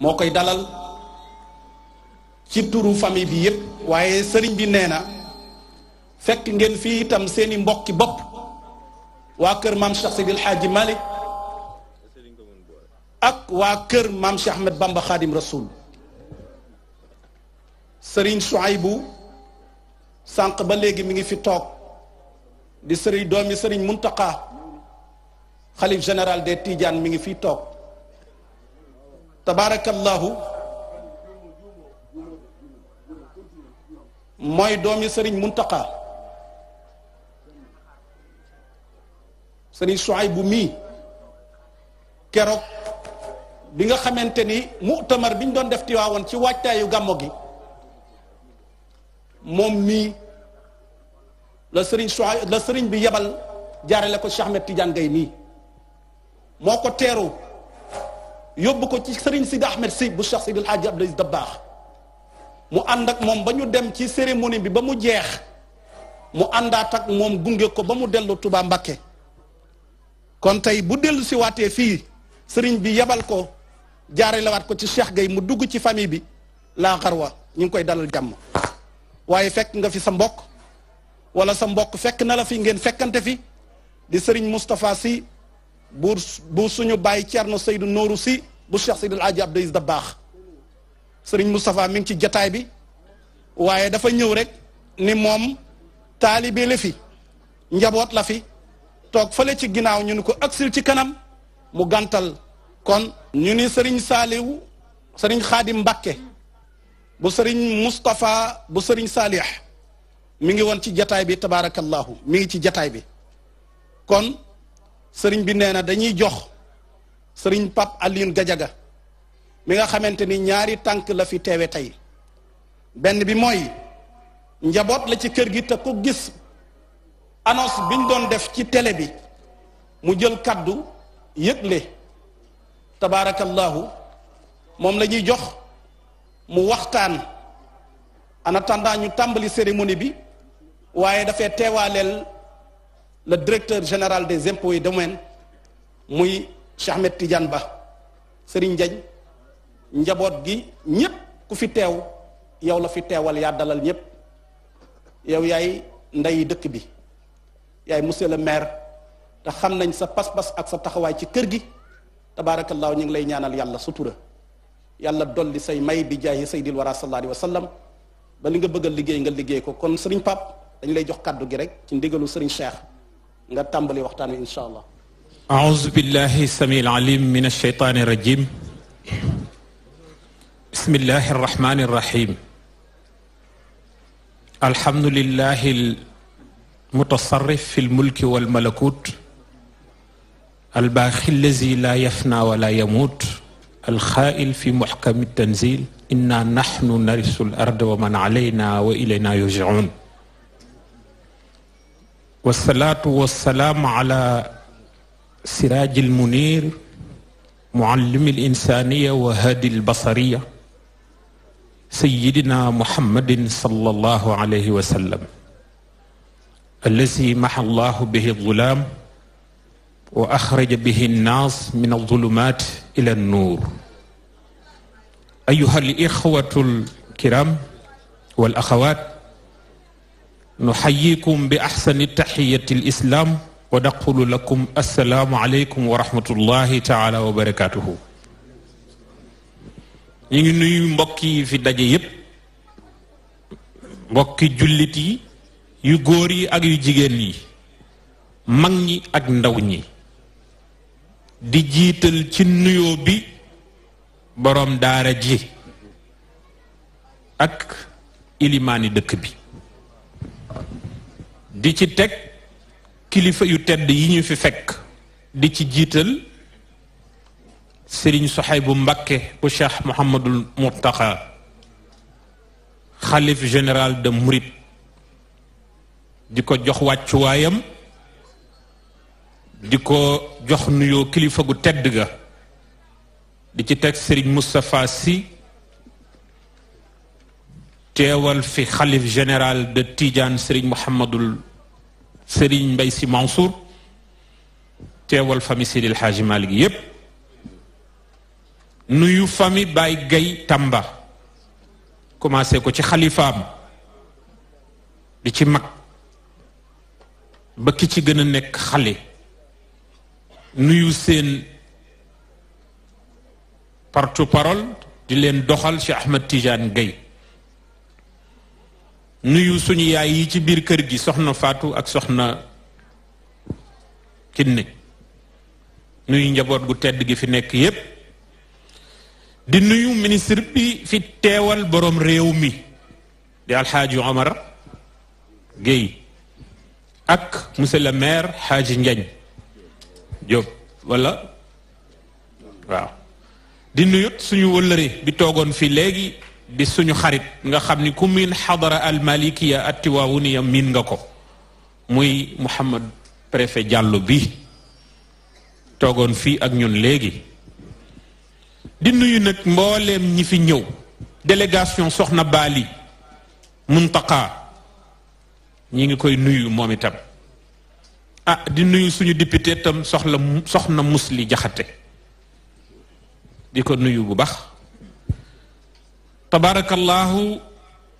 moo dalal ci turu famille bi yépp waaye sëriñ bi nee na fekk ngeen fii itam seeni mbokki bopp waa kër mam Cheikh Seydil Hadji malik ak waa kër mam Cheikh Ahmed Bamba Khadim Rasoul sëriñ Souaibou sànq ba léegi mi ngi fi toog di sëriñ doomi sëriñ Muntaqa xalif général des Tidiane mi ngi fi toog tabarakallahu moy domi serigne muntaka serigne shuaib mi kero bi nga xamanteni ni mu'tamar bi doon def tiwaawoon ci waajtaayu gamo gi mom mi la serigne shuaib la serigne bi yebal jaarale ko Cheikh Ahmed Tidiane gay mi moko teru teeru yóbbu ko ci serigne Sidi Ahmed Sy bu Cheikh Sidi El Hadji abdou Dabakh mu ànd ak moom ba ñu dem ci cérémonie bi ba mu jeex mu àndaat ak moom gunge ko ba mu dellu Touba Mbakke kon tey bu dellu si waatee fii sëriñ bi yebal ko jaare lawaat ko ci Cheikh Gueye mu dugg ci famille bi laaxar xarwa ñu ngi koy dalal jàmm waaye fekk nga fi sa mbokk wala sa mbokk fekk na la fi ngeen fekkante fi di sëriñ Moustapha si bu bu suñu bàyyi Thierno Seydou nooru si bu Cheikh Seydou El Hadji Abdou Aziz Dabakh sëriñ Moustapha mi ngi ci jataay bi waaye dafa ñëw rek ni moom taalibe la fi njaboot la fi toog fële ci ginnaaw ñu ni ko agsil ci kanam mu gàntal kon ñu ni sëriñ saaliw sëriñ xaadim mbàkke bu sëriñ Moustapha bu sëriñ saalix mi ngi woon ci jataay bi tabaarakallaahu mi ngi ci jataay bi kon sëriñ bi nee na dañuy jox sëriñ Pape Alioune Gadiaga mi nga xamante ni ñaari tànk la fi teewe tey benn bi mooy njaboot la ci kër gi te ko gis annonce biñ doon def ci tele bi mu jël kàddu yëgle tabaarakallaahu moom la ñuy jox mu waxtaan en ñu tàmbali cérémonie bi waaye dafay teewaaleel le directeur général des yi de domaines muy Cheikh Ahmed Ba Serigne Diagne njaboot gi ñépp ku fi teew yow la fi teewal yaa dalal ñépp yow yaay ndeyi dëkk bi yaay monsieur le maire te xam nañ sa pas-pas ak sa taxawaay ci kër gi tabaarakallaahu ñu ngi lay ñaanal yàlla sutura yàlla dolli say may bi jaay saydil wara sallallahu alayhi wa sallam ba li nga bëgg liggéey nga liggéey ko kon sëriñ pap dañ lay jox kàddu gi rek ci ndigalu sëriñ cheikh nga tàmbali waxtaan wi insha allah aouzu billahi samil alim min alsheytani rajim بسم الله الرحمن الرحيم الحمد لله المتصرف في الملك والملكوت الباخي الذي لا يفنى ولا يموت الخائل في محكم التنزيل إنا نحن نرث الأرض ومن علينا وإلينا يرجعون والصلاة والسلام على سراج المنير معلم الإنسانية وهادي البصرية سيدنا محمد صلى الله عليه وسلم الذي محى الله به الظلام وأخرج به الناس من الظلمات إلى النور أيها الإخوة الكرام والأخوات نحييكم بأحسن تحية الإسلام ونقول لكم السلام عليكم ورحمة الله تعالى وبركاته ñu ngi nuyu mbokk yi fi daje yépp mbokki jullit yi yu góor yi ak yu jigéen yi mag ñi ak ndaw ñi di jiital ci nuyoo bi boroom daara ji ak ilimaani dëkk bi di ci teg kilifa yu tedd yi ñu fi fekk di ci jiital sëriñ Soxaybu Mbakke bu Cheikh Mouhamadul Mourtaka xalif général de Mouride di ko jox wàccuwaayam di ko jox nuyoo kilifa gu tedd ga di ci teg sëriñ Moustapha Sy teewal fi xalif général de Tidiane sëriñ Mouhamadul sëriñ Mbay Sy Mansour teewal famille Seydil Hadji Malick yépp nuyu fami Baye Gaye tàmba commencé ko ci xalifaam bi ci mag ba ki ci gën a nekk xale nuyu seen porte-parole di leen doxal Cheikh Ahmed Tidiane Gaye nuyu suñu yaay yi ci biir kër gi soxna Fatou ak soxna Kiné nuyu njaboot gu tedd gi fi nekk yépp di nuyu ministre bi fi teewal borom réew mi di alxaaji Omar Guèye ak monsieur le maire xaaji Ndiagne Diop wala waaw di nuyut suñu wëllëre bi toogoon fi léegi di suñu xarit nga xam ni ku min xadara al malikiya attiwaawuniya min nga ko muy Mouhamad préfet Diallo bi toogoon fii ak ñun léegi di nuyu nag mbooleem ñi fi ñëw délégation soxna Baali Muntaqa ñi ngi koy nuyu moom itam ah di nuyu suñu député itam soxla soxna Musli Jaxate di ko nuyu bu baax tabaarakallaahu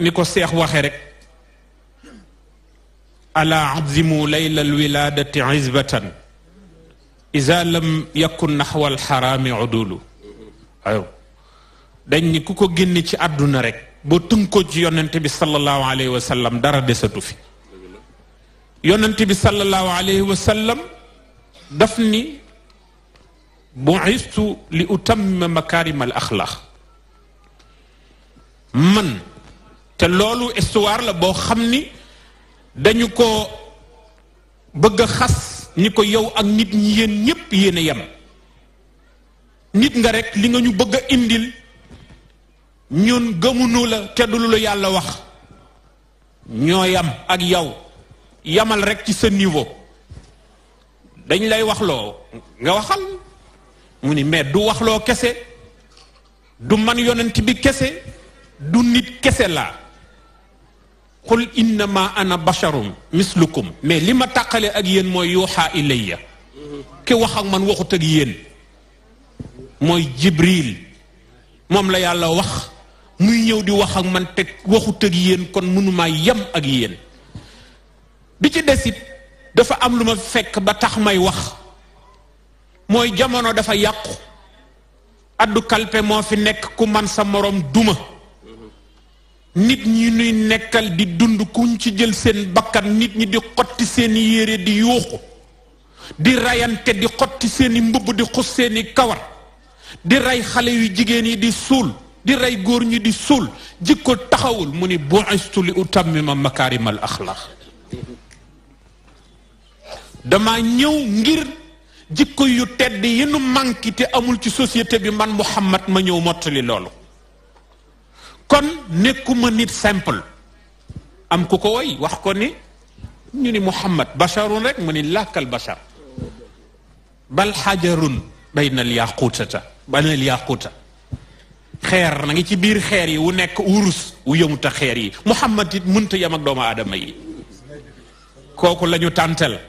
ni ko seex waxe rek ala azimu layla alwiladati izbatan ida lam yakun naxwa alxaraami udulu ayo dañ ni kuko genn ci aduna rek boo tënkoo ci yonent bi sallallahu alayhi wa sallam dara desatu fi yonent bi sallallahu alayhi wa sallam dafni bu'istu li utammima makarim al akhlaq man te loolu histoire la bo xamni dañu ko bëgg xass ni ko yow ak nit ñi yéen ñépp yéen yam nit nga rek li nga ñu bëgg a indil ñun gëmunu la te du lu yàlla wax ñoo yam ak yow yamal rek ci sa niveau dañ lay waxloo nga waxal mu ni mais du waxloo kese du man yonent bi kese du nit kese laa qul innama ana basharum mislukum mais li ma tàqale ak yéen mooy yuuxaa ilayya ki wax ak man waxut ak yéen mooy jibril moom la yàlla wax muy ñëw di wax ak man teg waxut ak yéen kon mënuma yem ak yéen bi ci desit dafa am lu ma fekk ba tax may wax mooy jamono dafa yàqu addu kalpe moo fi nekk ku man sa moroom duma nit ñi nuy nekkal di dund kuñ ci jël seen bakkan nit ñi di xotti seeni yére di yuuxu di rayante di xotti seeni mbubb di xus seeni kawar di rey xale yu jigéen yi di suul di rey góor ñi di suul jikko taxawul mu ni bu'istu li utammima makaarimal axlaq dama ñëw ngir jikko yu tedd yi nu manqué te amul ci société bi man Muhammad ma ñëw mottali loolu kon nekkuma nit simple am ku ko woy wax ko ni ñu ni Muhammad basharun rek mu ni làkkal bashar bal xajarun bayna na yaquutata bayna al xeer na ci biir xeer yi wu nekk wurus wu yëmuta xeer yi mu muhammad it mënta yem ak doomu aadama yi kooku lañu tàntale tàntal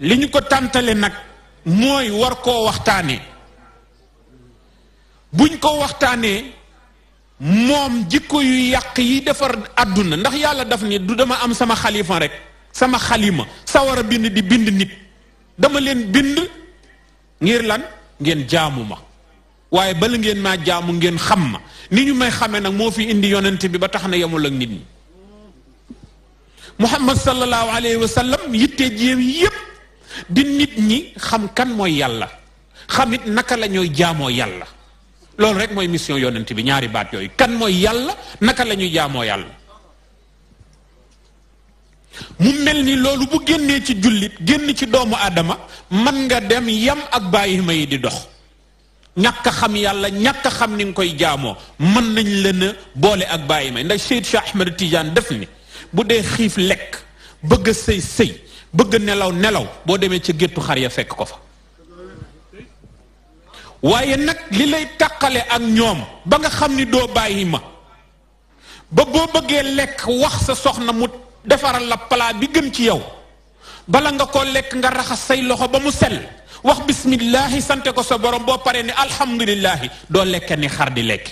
li ñu ko tàntale nag mooy war koo waxtaane buñ ko waxtaanee moom jikko yu yàq yi defar àdduna ndax yàlla daf ni du dama am sama xalifa rek sama xalima sawar a bind di bind nit dama leen bind ngir lan ngeen jaamu ma waaye bala ngeen maa jaamu ngeen xam ma ni ñu may xamee nag moo fi indi yonent bi ba tax na yemul ak nit ñi muhammad sallallahu alayhi wa sallam yitte jéem yépp di nit ñi xam kan mooy yàlla xamit naka la jaamoo yàlla loolu rek mooy mission yonent bi ñaari baat yooyu kan mooy yàlla naka la ñuy jaamoo yàlla mu mel ni loolu bu génnee ci jullit génn ci doomu aadama man nga dem yam ak bàyyi ma yi di dox ñàkk xam yàlla ñàkk xam ni nga koy jaamoo mën nañ leen a boole ak bàyyi ma ndax Seyd Cheikh Ahmed Tidiane def ni bu dee xiif lekk bëgg sëy sëy bëgg nelaw nelaw boo demee ci géttu xar ya fekk ko fa waaye nag li lay tàqale ak ñoom ba nga xam ni doo bàyyi ma ba boo bëggee lekk wax sa soxna mu defaral la plat bi gën ci yow bala nga ko lekk nga raxas say loxo ba mu sel wax bismillahi sante ko sa borom boo paree ni alhamdulillahi doo lekkee ni xar di lekk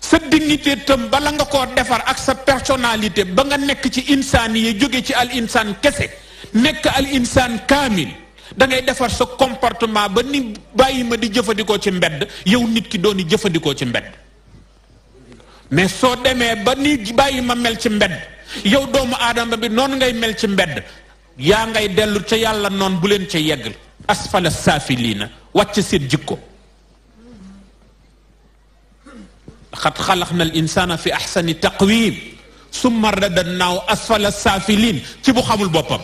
sa dignité tam bala nga koo defar ak sa personnalité ba nga nekk ci insaan yi jóge ci al insaan kese nekk al insaan kaamil da ngay defar sa comportement ba ni bàyyi ma di jëfandikoo ci mbedd yow nit ki di jëfandikoo ci mbedd mais soo demee ba ni bàyyi ma mel ci mbedd yow doomu aadama bi noonu ngay mel ci mbedd yaa ngay dellu ca yàlla noonu bu leen ca yeggal asfala saafiliina wàcc seen jikko xad xalaqna al insana fi ahsani taqwim summa radadnaaw asfala saafiliin ci bu xamul boppam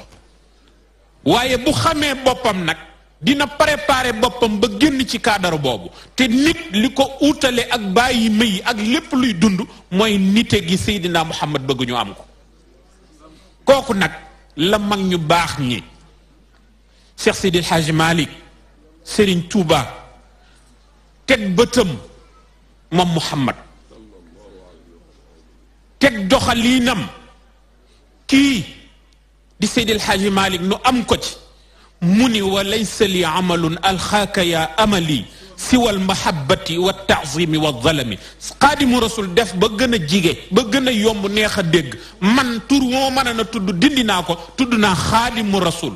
waaye bu xamee boppam nag dina préparer boppam ba génn ci cadre boobu te nit li ko uutale ak bàyyi may ak lépp luy dund mooy nite gi Seydina Muhammad bëgg ñu am ko kooku nag la mag ñu baax ñi Cheikh Seydi El malik Malick Serigne teg bëtam moom Muhammad teg doxaliinam kii di Seydi El Hadji nu am ko ci mu ni wa laysa li amalun alxaaka yaa amali siwal mahabbati wa taazimi wa zalami xaadimu rasul def ba gën a jige ba gën a yomb neex a dégg man tur moo mën na tudd dindi naa ko tudd naa xaadimu rasul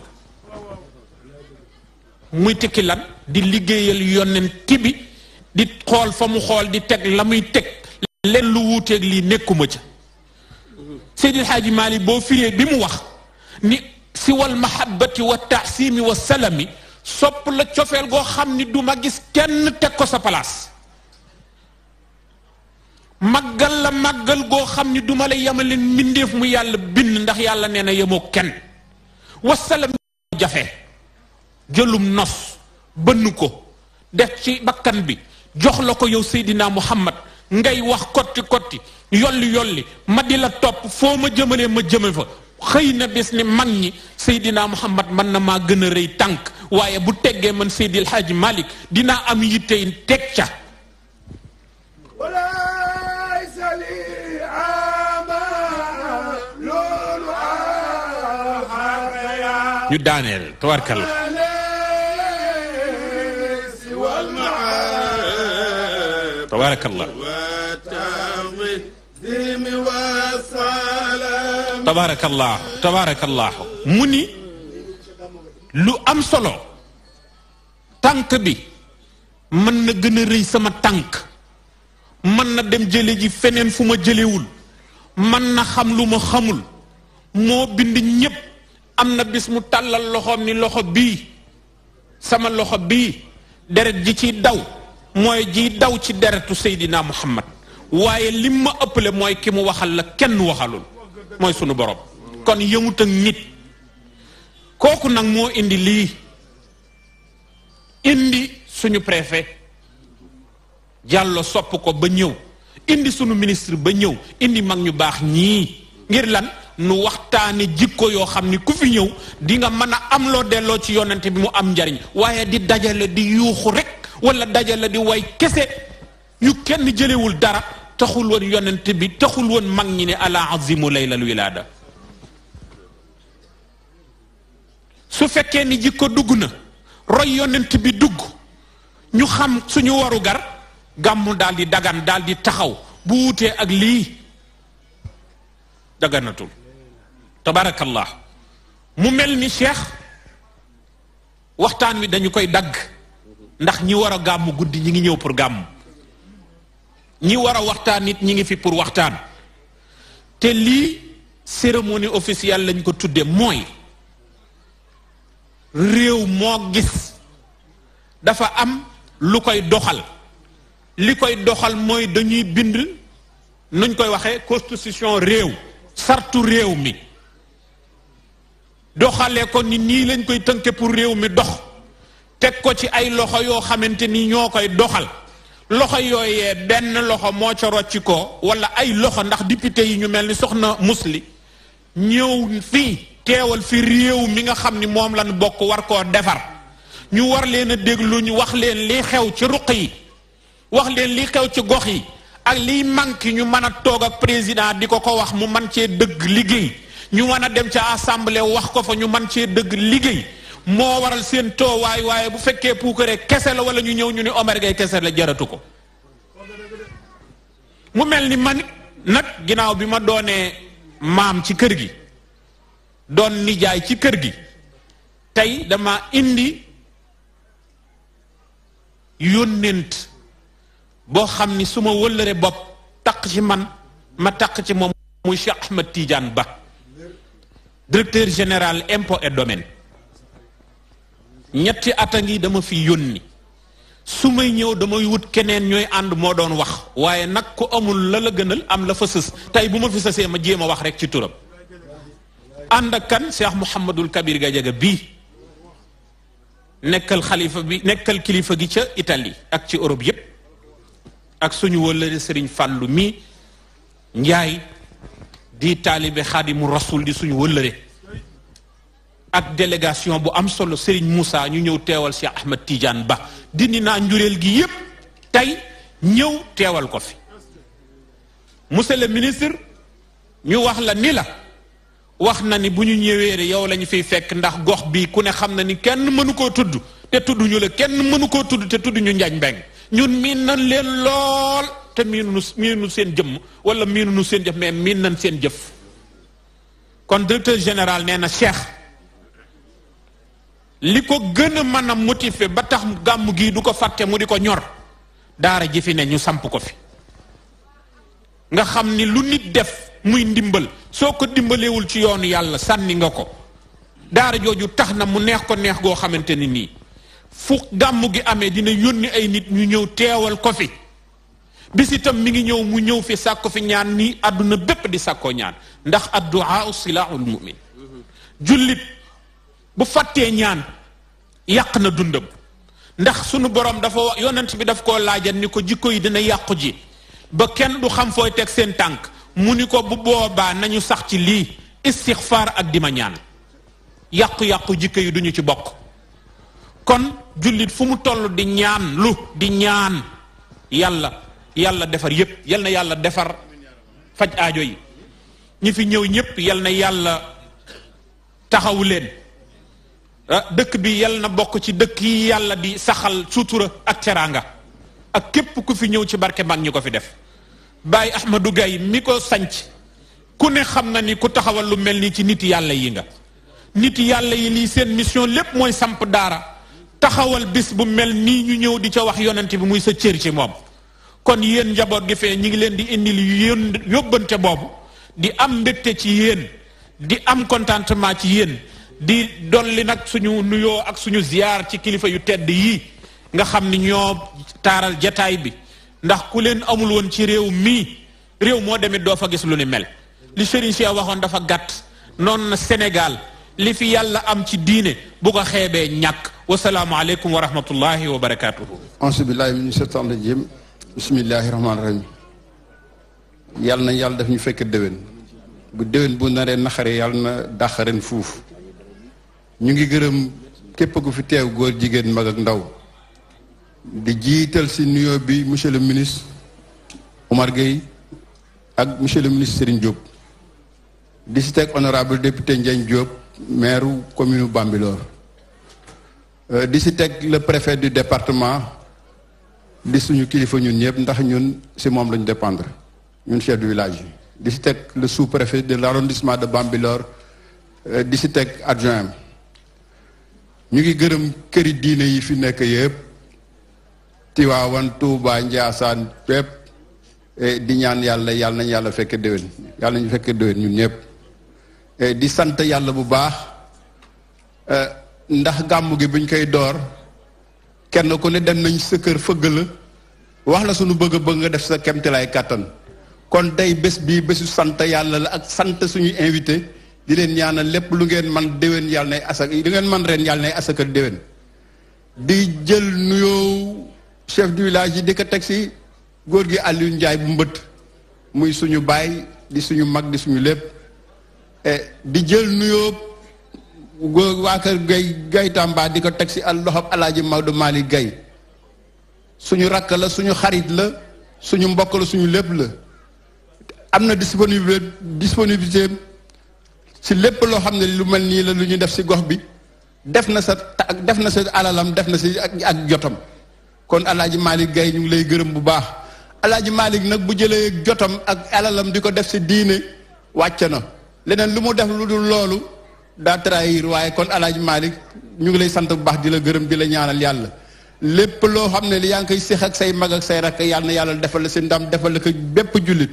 muy tekki lan di liggéeyal yonent bi di xool fa mu xool di teg la teg leen lu wuuteeg lii nekkuma ca Seydil Hadji bi mu wax ni si wal mahabbati wa taasimi wa salami sopp la cofeel goo xam ni duma gis kenn teg ko sa palaas màggal la màggal goo xam ni duma la yemale mbindeef mu yàlla bind ndax yàlla nee na yemoo kenn wasalam jafe jëlum nos bënn ko def ci bakkan bi jox la ko yow Seydina Muhammad ngay wax kotti kotti yolli yolli ma di la topp foo ma jëmalee ma jëme fa xëy na bés ni mag ñi Seydina Muhammad mën na maa gën a rëy tànk waaye bu teggee man Seydil Hadji Malick dinaa am yittey teg ca ñu daaneel tawarkal tabaarakallah tabarakallahu tabarakallahu mu ni lu am solo tànk bi mën na gën a rëy sama tànk mën na dem jële ji feneen fu ma jëlewul mën na xam lu ma xamul moo bind ñépp am na bis mu tàllal loxoom ni loxo bii sama loxo bii deret ji ciy daw mooy jiy daw ci deretu Seydina Muhammad waaye lim ma ëppale mooy ki mu waxal la kenn waxalul mooy sunu borom kon yëmut ak nit kooku nag moo indi lii indi suñu préfet jàllo sopp ko ba ñëw indi suñu ministre ba ñëw indi mag ñu baax ñii ngir lan nu waxtaane jikko yoo xam ni ku fi ñëw di nga mën a am loo delloo ci yonent bi mu am njariñ waaye di dajale di yuuxu rekk wala dajale di way kese yu kenn jëlewul dara taxul woon yonent bi taxul woon mag ñi ne ala azimu laylal wilaada su fekkee ni jikko dugg na roy yonent bi dugg ñu xam suñu waru gar gàmmu daal di dagan daal di taxaw bu wutee ak lii daganatul tabarakallah mu mel ni cheikh waxtaan wi dañu koy dagg ndax ñi war a gàmm guddi ñi ngi ñëw pour gàmm ñi war a waxtaan nit ñi ngi fi pour waxtaan te lii cérémonie officielle lañ ko tudde mooy réew moo gis dafa am lu koy doxal li koy doxal mooy dañuy bind nuñ koy waxee constitution réew sartu réew mi doxale ko ni nii lañ koy tënke pour réew mi dox teg ko ci ay loxo yoo xamante ni ñoo koy doxal loxo yooyee benn loxo moo ca rocci ko wala ay loxo ndax député yi ñu mel ni soxna musli ñëw fi teewal fi réew mi nga xam ni moom lan bokk war koo defar ñu war leen a déglu ñu wax leen li xew ci ruq yi wax leen li xew ci gox yi ak liy manqué ñu mën a toog ak président di ko ko wax mu man cee dëgg liggéey ñu mën a dem ca assemblée wax ko fa ñu man cee dëgg liggéey moo waral seen toowaay waaye bu fekkee puukare kese la wala ñu ñëw ñu ni Omar Gueye kese la jaratu ko mu mel ni man nag ginnaaw bi ma doonee maam ci kër gi doon nijaay ci kër gi tey dama indi yónnent boo xam ni su ma wëllëre bopp taq ci man ma taq ci moom muy Cheikh Ahmed Tidiane Ba directeur général impôt et domaine ñetti atangi dama fi yónni sumay ñëw dama wut keneen ñoy ànd mo doon wax waye nak ko amul la la gënal am la fa tay buma fi sësee ma jema wax rek ci turam ànd ak kan Cheikh mohammedul Kabir Gadiaga bi nekkal khalifa bi nekkal kilifa gi ci italy ak ci Europe yeb ak suñu wëllëre Serigne Fàllu mi ndjay di talibé Xaadimu Rasul di suñu wëllëre ak délégation bu am solo Serigne Moussa ñu ñëw teewal Cheikh Ahmed Tidiane Ba dindi naa njureel gi yépp tey ñëw teewal ko fi monsieur le ministre ñu wax la ni la wax na ni bu ñu ñëwee yow lañu ñu fiy fekk ndax gox bi ku ne xam na ni kenn mënu koo tudd te tudd ñu la kenn mënu koo tudd te tudd ñu Njaañ Mbeng ñun miin na leen lool te miinu miinu seen jëmm wala miinu seen jëf mais miin nañ seen jëf kon directeur général nee na Cheikh. li ko gën a mën a motiver ba tax gàmm gii du ko fàtte mu di ko ñor daara ji fi ne ñu samp ko fi nga xam ni lu nit def muy ndimbal soo ko dimbalewul ci yoonu yàlla sànni nga ko daara jooju tax na mu neex ko neex goo xamante ni nii fu gàmm gi amee dina yónni ay nit ñu ñëw teewal ko fi bis itam mi ngi ñëw mu ñëw fi sàkko fi ñaan nii àdduna bépp di sàkkoo ñaan ndax adduaa silaahul mumin jullit bu fàttee ñaan yàq na dundam ndax sunu borom dafa yonent bi daf koo laajal ni ko jikko yi dina yàqu ji ba kenn du xam fooy teg seen tànk mu ni ko bu boobaa nañu sax ci lii istixfaar ak dima ñaan yàqu-yàqu jikko yi duñu ci bokk kon jullit fu mu toll di ñaan lu di ñaan yàlla yàlla defar yépp yal yàlla defar faj aajo yi ñi fi ñëw ñépp yal na yàlla taxawu leen Ah, dëkk bi yal na bokk ci dëkk yi yàlla di saxal sutura ak teraanga ak képp ku fi ñëw ci barke mag ñi ko fi def Baye Ahmadou Gaye mi ko sanc ku ne xam na ni ku taxawal lu mel nii ci nit yàlla yi nga nit yàlla yi lii seen mission lépp mooy samp daara taxawal bis bu mel ñu ñëw di ca wax yonent bi muy sa cër ci moom kon yéen njaboot gi fee ñi ngi leen di indil yéen yóbbante boobu di am mbégte ci yéen di am contentement ci yéen di dolli nak suñu nuyo ak suñu ziar ci kilifa yu tedd yi nga xam ni ñoo taaral jataay bi ndax ku leen amul woon ci réew mii réew moo demit doo fa gis lu ni mel li Serigne Cheikh waxoon dafa gàtt noonu na Sénégal li fi yàlla am ci diine bu ko xeebee ñàkk wasalaamualeykum wa rahmatullahi wa barakatuhu ansubillahi min setan rajim bismillahi rahmaani rahim yàlla na yàlla daf ñu fekk déwén bu déwén bu naree naxaree yàlla na dàq ren fuuf ñu ngi gërëm képp ku fi teew góor jigéen mag ak ndaw di jiital si nuyoo bi monsieur le ministre Omar ak monsieur le ministre Serigne Diop di si teg honorable député Ndiagne Diop maire commune Bambilor euh, di si teg le préfet du département di suñu kilifa ñun ñëpp ndax ñun si moom lañu dépendre ñun chef du village yi di si teg le sous-préfet de l'arrondissement de Bambilor euh, di si teg adjoint ñu ngi gërëm këri diine yi fi nekk yëpp Tiwaawan Tuubaa Njaasaan pépp e, di ñaan yàlla yàlla nañ yàlla fekk déwén yàlla nañu fekkee déwén ñun ñëpp e, di sant yàlla bu baax e, ndax gàmm gi buñ koy door kenn ku ne dem nañ sa kër fëgg la wax la sunu bëgg bëgg nga def sa kemtilaay kàttan kon tey bés bii bésu sant yàlla la ak sant suñuy invité di leen ñaanal lépp lu ngeen man déwén yàlla nay asaka lu ngeen man ren yàlla nay asaka déwén di jël nuyoo chef du willage yi di ko teg si góor gi àll yu Ndiaye bu mbët muy suñu baay di suñu mag di suñu lépp e, di jël nuyoo góor waa kër Gay Gay Tamba di ko teg si al loxob alaaji Maodo Malick Gay suñu rakk la suñu xarit la suñu mbokk la suñu lépp la am na disponibilité disponibilité si lépp loo xam ne lu mel nii la lu ñu def si gox bi def na sa def na sa alalam def na si ak ak jotam kon alaaji Malick gay ñu ngi lay gërëm bu baax alaaji Malick nag bu jëlee jotam ak alalam di ko def si diine wàcc na leneen lu mu def lu dul loolu daa trahir waaye kon alaaji Malick ñu ngi lay sant bu baax di la gërëm di la ñaanal yàlla lépp loo xam ne li yaa ngi koy séq ak say mag ak say rakk na yàlla defal la si ndam defal la ko bépp jullit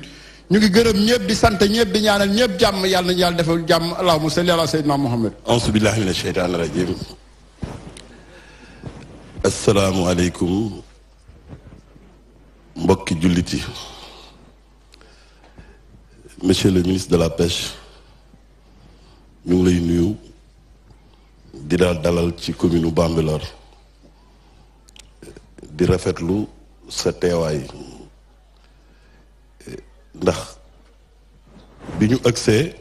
ñu ngi gërëm ñëpp di sant ñëpp di ñaanal ñëpp jàmm yàlla nañu yàlla defal jàmm mu allahumma salli ala sayyidina muhammad auzu billahi mina sheytaani rajim asalaamualeykum mbokki jullit yi monsieur le ministre de la pêche ñu ngi lay nuyu di daal dalal ci commune Bambilor di rafetlu sa teewaay ndax bi ñu agsee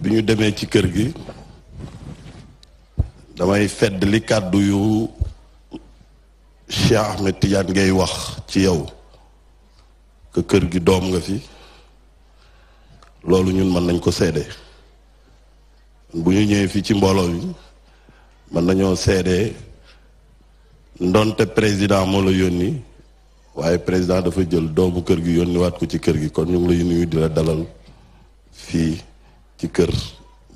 bi ñu demee ci kër gi damay fedd li kàddu yu Cheikh Ahmed Tidiane ngay wax ci yow que kër gi doom nga fi loolu ñun mën nañ ko seede bu ñu ñëwee fii ci mbooloo mi mën nañoo seede ndonte président moo la yónni waaye président dafa jël doomu kër gi yónniwaat ko ci kër gi kon ñu ngi lay nuyu di la dalal fii ci kër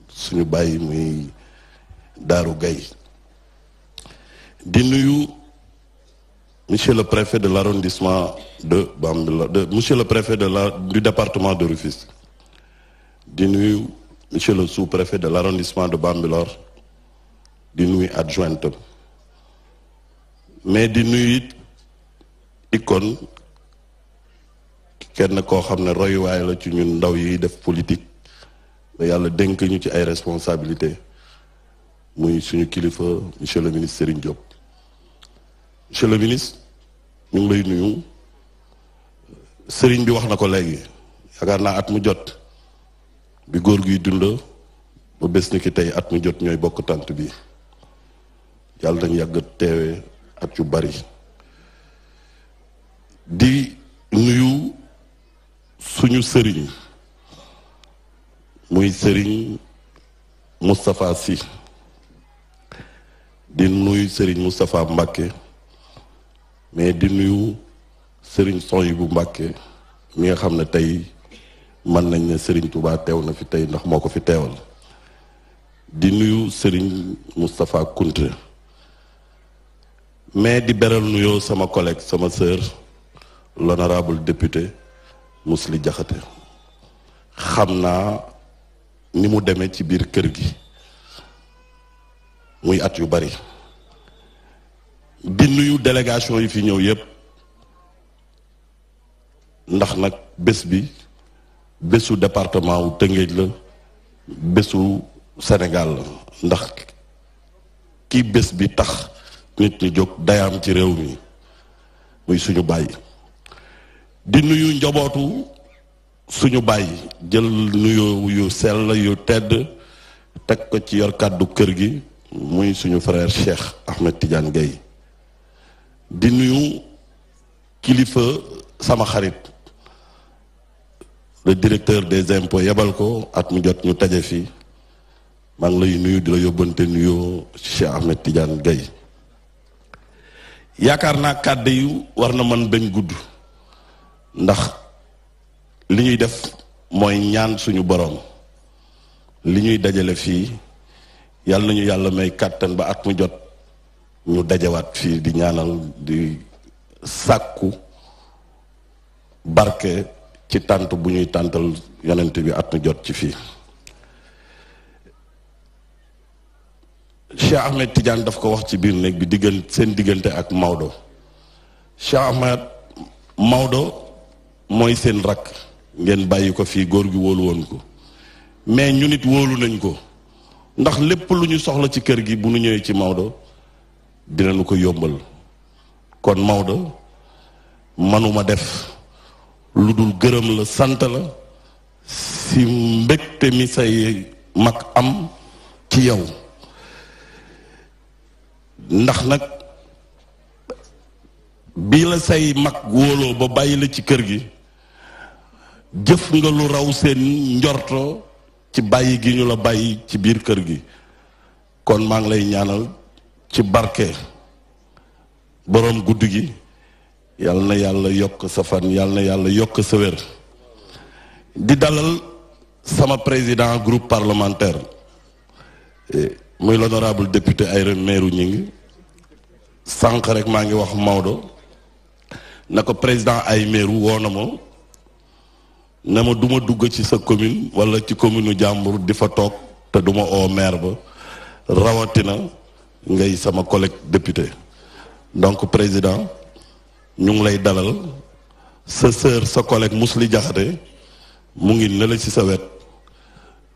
suñu bàyyi muy Daaru Gaye di nuyu monsieur le préfet de l'arrondissement de Bambilor de monsieur le préfet de la du département de Rufisque di nuyu monsieur le sous-préfet de l'arrondissement de Bambilor di nuyu adjointe mais di nuyu kon kenn koo xam ne royuwaay la ci ñun ndaw yi def politique da yàlla dénk ñu ci ay responsabilité muy suñu kilifa monsieur le ministre Serigne Diop monsieur ministre ñu lay nuyu sëriñ bi wax na ko léegi yaakaar naa at mu jot bi góor guy dund ba bés ni ki tey at mu jot ñooy bokk tànt bi yàlla nañ yàgg teewe ak yu bari di nuyu suñu sëriñ muy sëriñ Moustapha Sy di nuyu sëriñ Moustapha Mbacke mais di nuyu sëriñ bu Mbacke mi nga xam ne tey mën nañ ne sëriñ Touba teew na fi tey ndax moo ko fi teewal di nuyu sëriñ Moustapha Kounté mais di beral nuyoo sama collègue sama sœur l'honorable député musli jaxate xam naa ni mu demee ci biir kër gi muy at yu bari di nuyu délégation yi fi ñëw yépp ndax nag bés bi bésu département wu Tëngéej la bésu senegal ndax ki bés bi tax nit ñi jóg dayaam ci réew mi muy suñu bàyyi di nuyu njabootu suñu bàyyi jël nuyu yu sel yu tedd tek ko ci yor kaddu kër gi muy suñu frère cheikh ahmed tidiane gay di nuyu kilifa sama xarit le directeur des impôts yabal ko at mu jot ñu tajé fi maa ngi lay nuyu di la yóbbante nuyu cheikh ahmed tidiane gay yakarna kaddu yu warna man bañ guddu ndax li ñuy def mooy ñaan suñu boroom li ñuy dajale fii yàlla nañu yàlla may kàttan ba at mu jot ñu dajawaat fii di ñaanal di sàkku barke ci tànt bu ñuy tàntal yonent bi at mu jot ci fii Cheikh Ahmed Tidiane daf ko wax ci biir néeg bi diggante seen diggante ak Maodo Cheikh Ahmed mooy seen rakk ngeen bàyyi ko fii góor gi wóolu woon ko mais ñu nit wóolu nañ ko ndax lépp lu ñu soxla ci kër gi bu nu ñëwee ci Maodo dinañu ko yombal kon Maodo manuma def lu dul gërëm la sant la si mbégte mi say mag am ci yow ndax nag bii la say mag wóoloo ba bàyyi la ci kër gi jëf nga lu raw seen njorto ci bàyyi gi ñu la bàyyi ci biir kër gi kon maa ngi lay ñaanal ci barke boroom guddi gi yal na yàlla yokk sa fan yal na yàlla yokk sa wér di dalal sama président groupe parlementaire eh, muy l'honorable député Aïra Meirou Gningue sànq rek maa ngi wax Maodo na ko président ay Meirou woo na ne ma du ma dugg ci sa commune wala ci commune jàmbur di fa toog te du ma oo maire ba rawatina ngay sama collègue député donc président ñu ngi lay dalal sa sœur sa collègue Mously Diakhaté mu ngi ne ci sa wet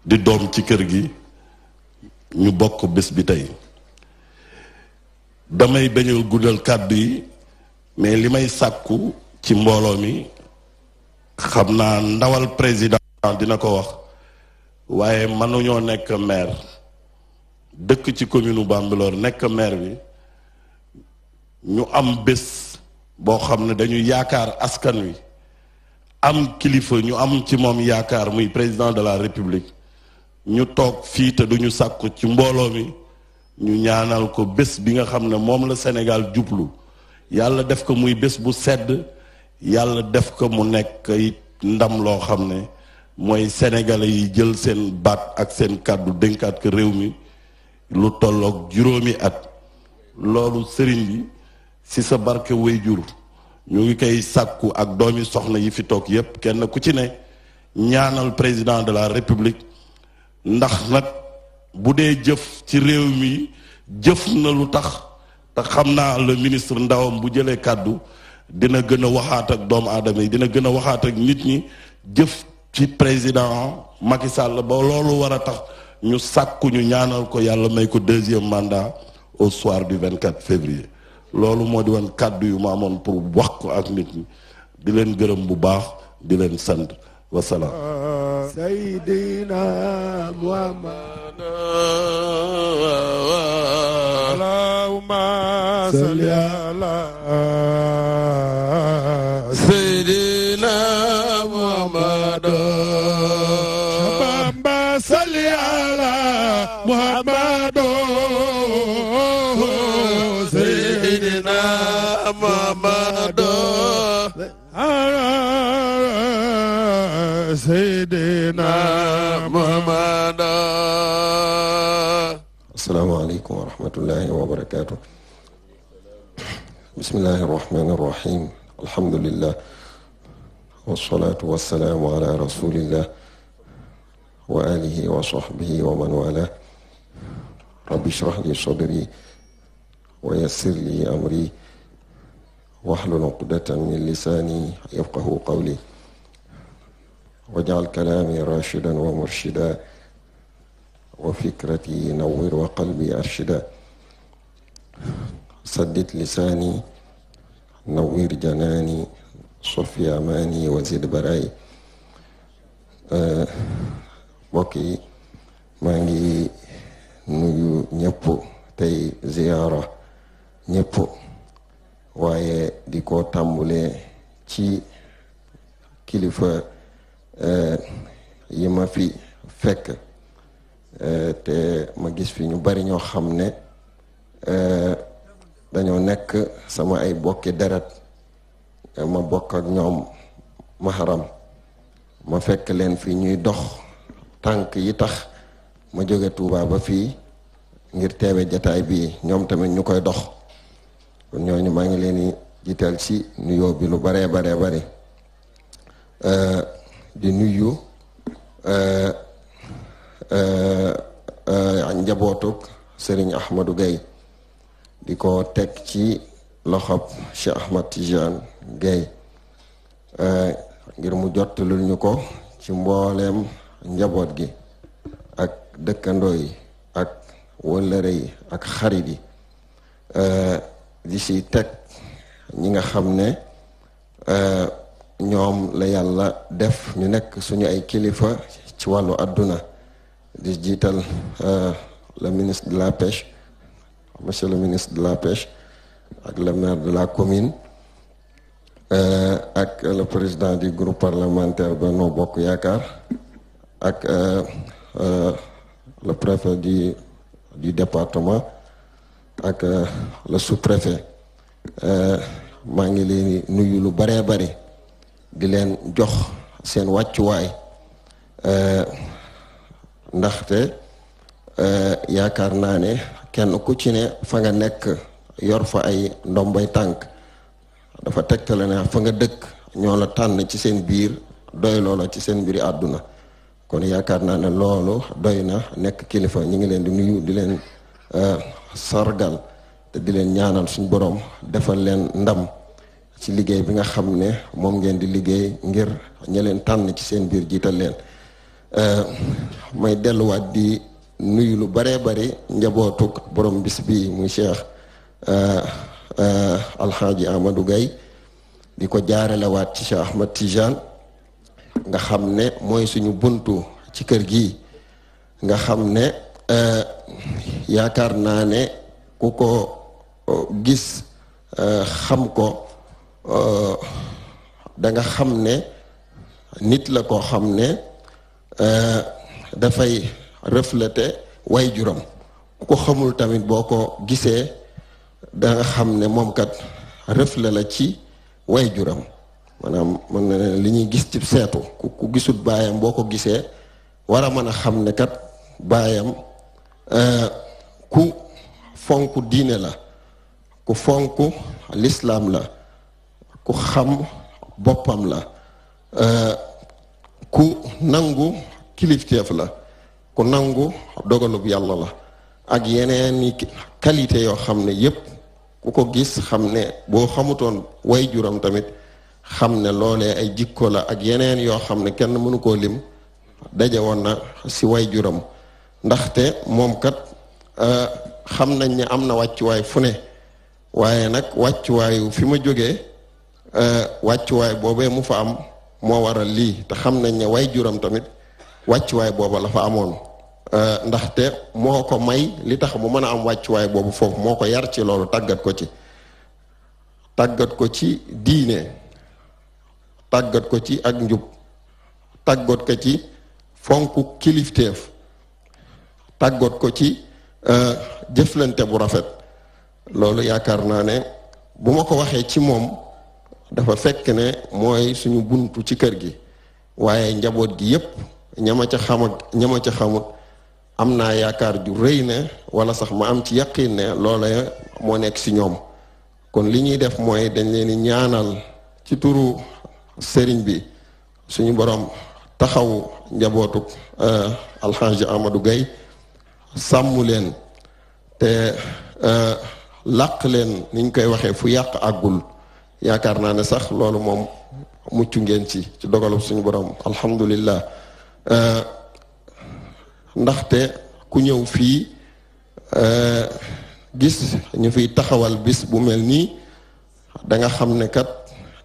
di doom ci kër gi ñu bokk bés bi tey damay bañ guddal kàddu yi mais li may sàkku ci mbooloo mi xam naa ndawal président dina ko wax waaye mënuñoo nekk maire dëkk ci commune Bambilor nekk maire bi ñu am bés boo xam ne dañu yaakaar askan wi am kilifa ñu am ci moom yaakaar muy président de la république ñu toog fii te duñu sàkku ci mbooloo mi ñu ñaanal ko bés bi nga xam ne moom la Sénégal jublu yàlla def ko muy bés bu sedd yàlla def ko mu nekk it ndam loo xam ne mooy sénégalais yi jël seen baat ak seen kàddu dénkaat ko réew mi lu tolloog juróomi at loolu sëriñ bi ci sa barke jur ñu ngi koy sàkku ak doomi soxna yi fi toog yépp kenn ku ci ne ñaanal président de la république ndax nag bu dee jëf ci réew mi jëf na lu tax te xam naa le ministre ndawam bu jëlee kàddu dina gën a waxaat ak doomu aadama yi dina gën a waxaat ak nit ñi jëf ci président Macky Sall ba loolu war a tax ñu sàkkuñu ñu ñaanal ko yàlla may ko deuxième mandat au soir du 24 février loolu moo di woon kàddu yu ma amoon pour wax ko ak nit ñi di leen gërëm bu baax di leen sant wasalaam عليكم ورحمة الله وبركاته بسم الله الرحمن الرحيم الحمد لله والصلاة والسلام على رسول الله وآله وصحبه ومن والاه رب اشرح لي صدري ويسر لي أمري واحلل عقدة من لساني يفقه قولي واجعل كلامي راشدا ومرشدا وفكرتي نور وقلبي أرشدا سدد لساني نور جناني صرفي أماني وزيد براي آه، وكي ماني نيو نيبو تي زيارة نيبو واي ديكو تامولي تي كيلفا آه، يما في فكر Euh, te ma gis fi ñu bari ñoo xam ne euh, dañoo nekk sama ay bokki deret ma bokk ñoom maharam ma fekk leen fi ñuy dox tànk yi tax ma jóge Touba ba fii ngir teewe jataay bii ñoom tamit ñu koy dox kon ñooñu maa ngi leen di jiital ci nuyoo bi lu baree baree bari euh, di nuyu Euh, euh, njabootug Serigne Ahmadou Gaye di ko teg ci loxob Cheikh Ahmad Tidiane Gaye euh, ngir mu jot lul ñu ko ci mboolem njaboot gi ak dëkkandoo yi ak wëllëre yi ak xarit yi di si teg ñi nga xam ne ñoom la yàlla def ñu nekk suñu ay kilifa ci wàllu àdduna Digital, euh, le ministre de la pêche monsieur le ministre de la pêche avec le maire de la commune euh, avec le président du groupe parlementaire Benoît Bokk euh, euh, le préfet du département avec euh, le sous-préfet je ngi leen nuyu lu bare bare di len jox ndaxte eh, yaakaar naa ne kenn ku ci ne fa nga nekk yor fa ay ndombay tànk dafa tegtale ne fa nga dëkk ñoo la tànn ci seen biir doy loola ci seen mbiri àdduna kon yaakaar naa ne loolu doy na nekk kilifa ñu ngi leen di nuyu di leen eh, sargal te di leen ñaanal suñ boroom defal leen ndam ci liggéey bi nga xam ne moom ngeen di liggéey ngir ña leen tànn ci seen biir jiital leen Eh, may wat di nuyu lu bare bare njabotuk borom bis bi mu cheikh eh, eh, hadji amadou gay di ko wat ci cheikh ahmad Tijan nga xamne moy suñu buntu ci kër gi nga xamne ne yaakar naane kuko gis euh gis xam ko da nga xamne nit la ko xamne euh Euh, dafay rëflete way juram ku ko xamul tamit boo ko gisee danga xam ne moom kat rëfle la ci way juram maanaam mën na li ñuy gis ci seetu ku ku gisut baayam boo ko gisee war a mën a xam ne kat baayam euh, ku fonk diine la ku fonk lislaam la ku xam boppam la euh, ku nangu kilifteef la ku nangu dogalub yàlla la ak yeneeni qualité yoo xam ne yépp ku ko gis xam ne boo xamutoon way juram tamit xam ne loole ay jikko la ak yeneen yoo xam ne kenn mënu koo lim daje woon na si way juram ndaxte moom kat euh, xam nañ ne am na wàccuwaay fu ne waaye nag wàccuwaayu fi ma jógee euh, wàccuwaay boobee mu fa am moo waral lii te xam nañ ne way juram tamit wàccuwaay booba la fa amoon euh, ndaxte moo ko may li tax mu mën a am wàccuwaay boobu foofu moo ko yar ci loolu tàggat ko ci tàggat ko ci diine tàggat ko ci ak njub tàggat ko ci fonk kilifteef tàggat ko ci euh, jëflante bu rafet loolu yaakaar naa ne bu ma ko waxee ci moom dafa fekk ne mooy suñu buntu ci kër gi waaye njaboot gi yépp ñama ca ñama ca xamut am naa yaakaar ju rëy ne wala sax ma am ci yaqin ne loola moo nekk si ñoom kon li ñuy def mooy dañ leen di ñaanal ci turu sëriñ bi suñu borom taxawu njabootu euh, alxaaji Amadou Gaye sàmm leen te euh, làq leen niñ koy waxee fu yàq àggul ya naa ne sax loolu moom mucc ngeen ci ci dogalub suñu borom alhamdulillah eh, ndaxte ku ñëw fii eh, gis ñu fiy taxawal bis bu mel nii da nga xam ne kat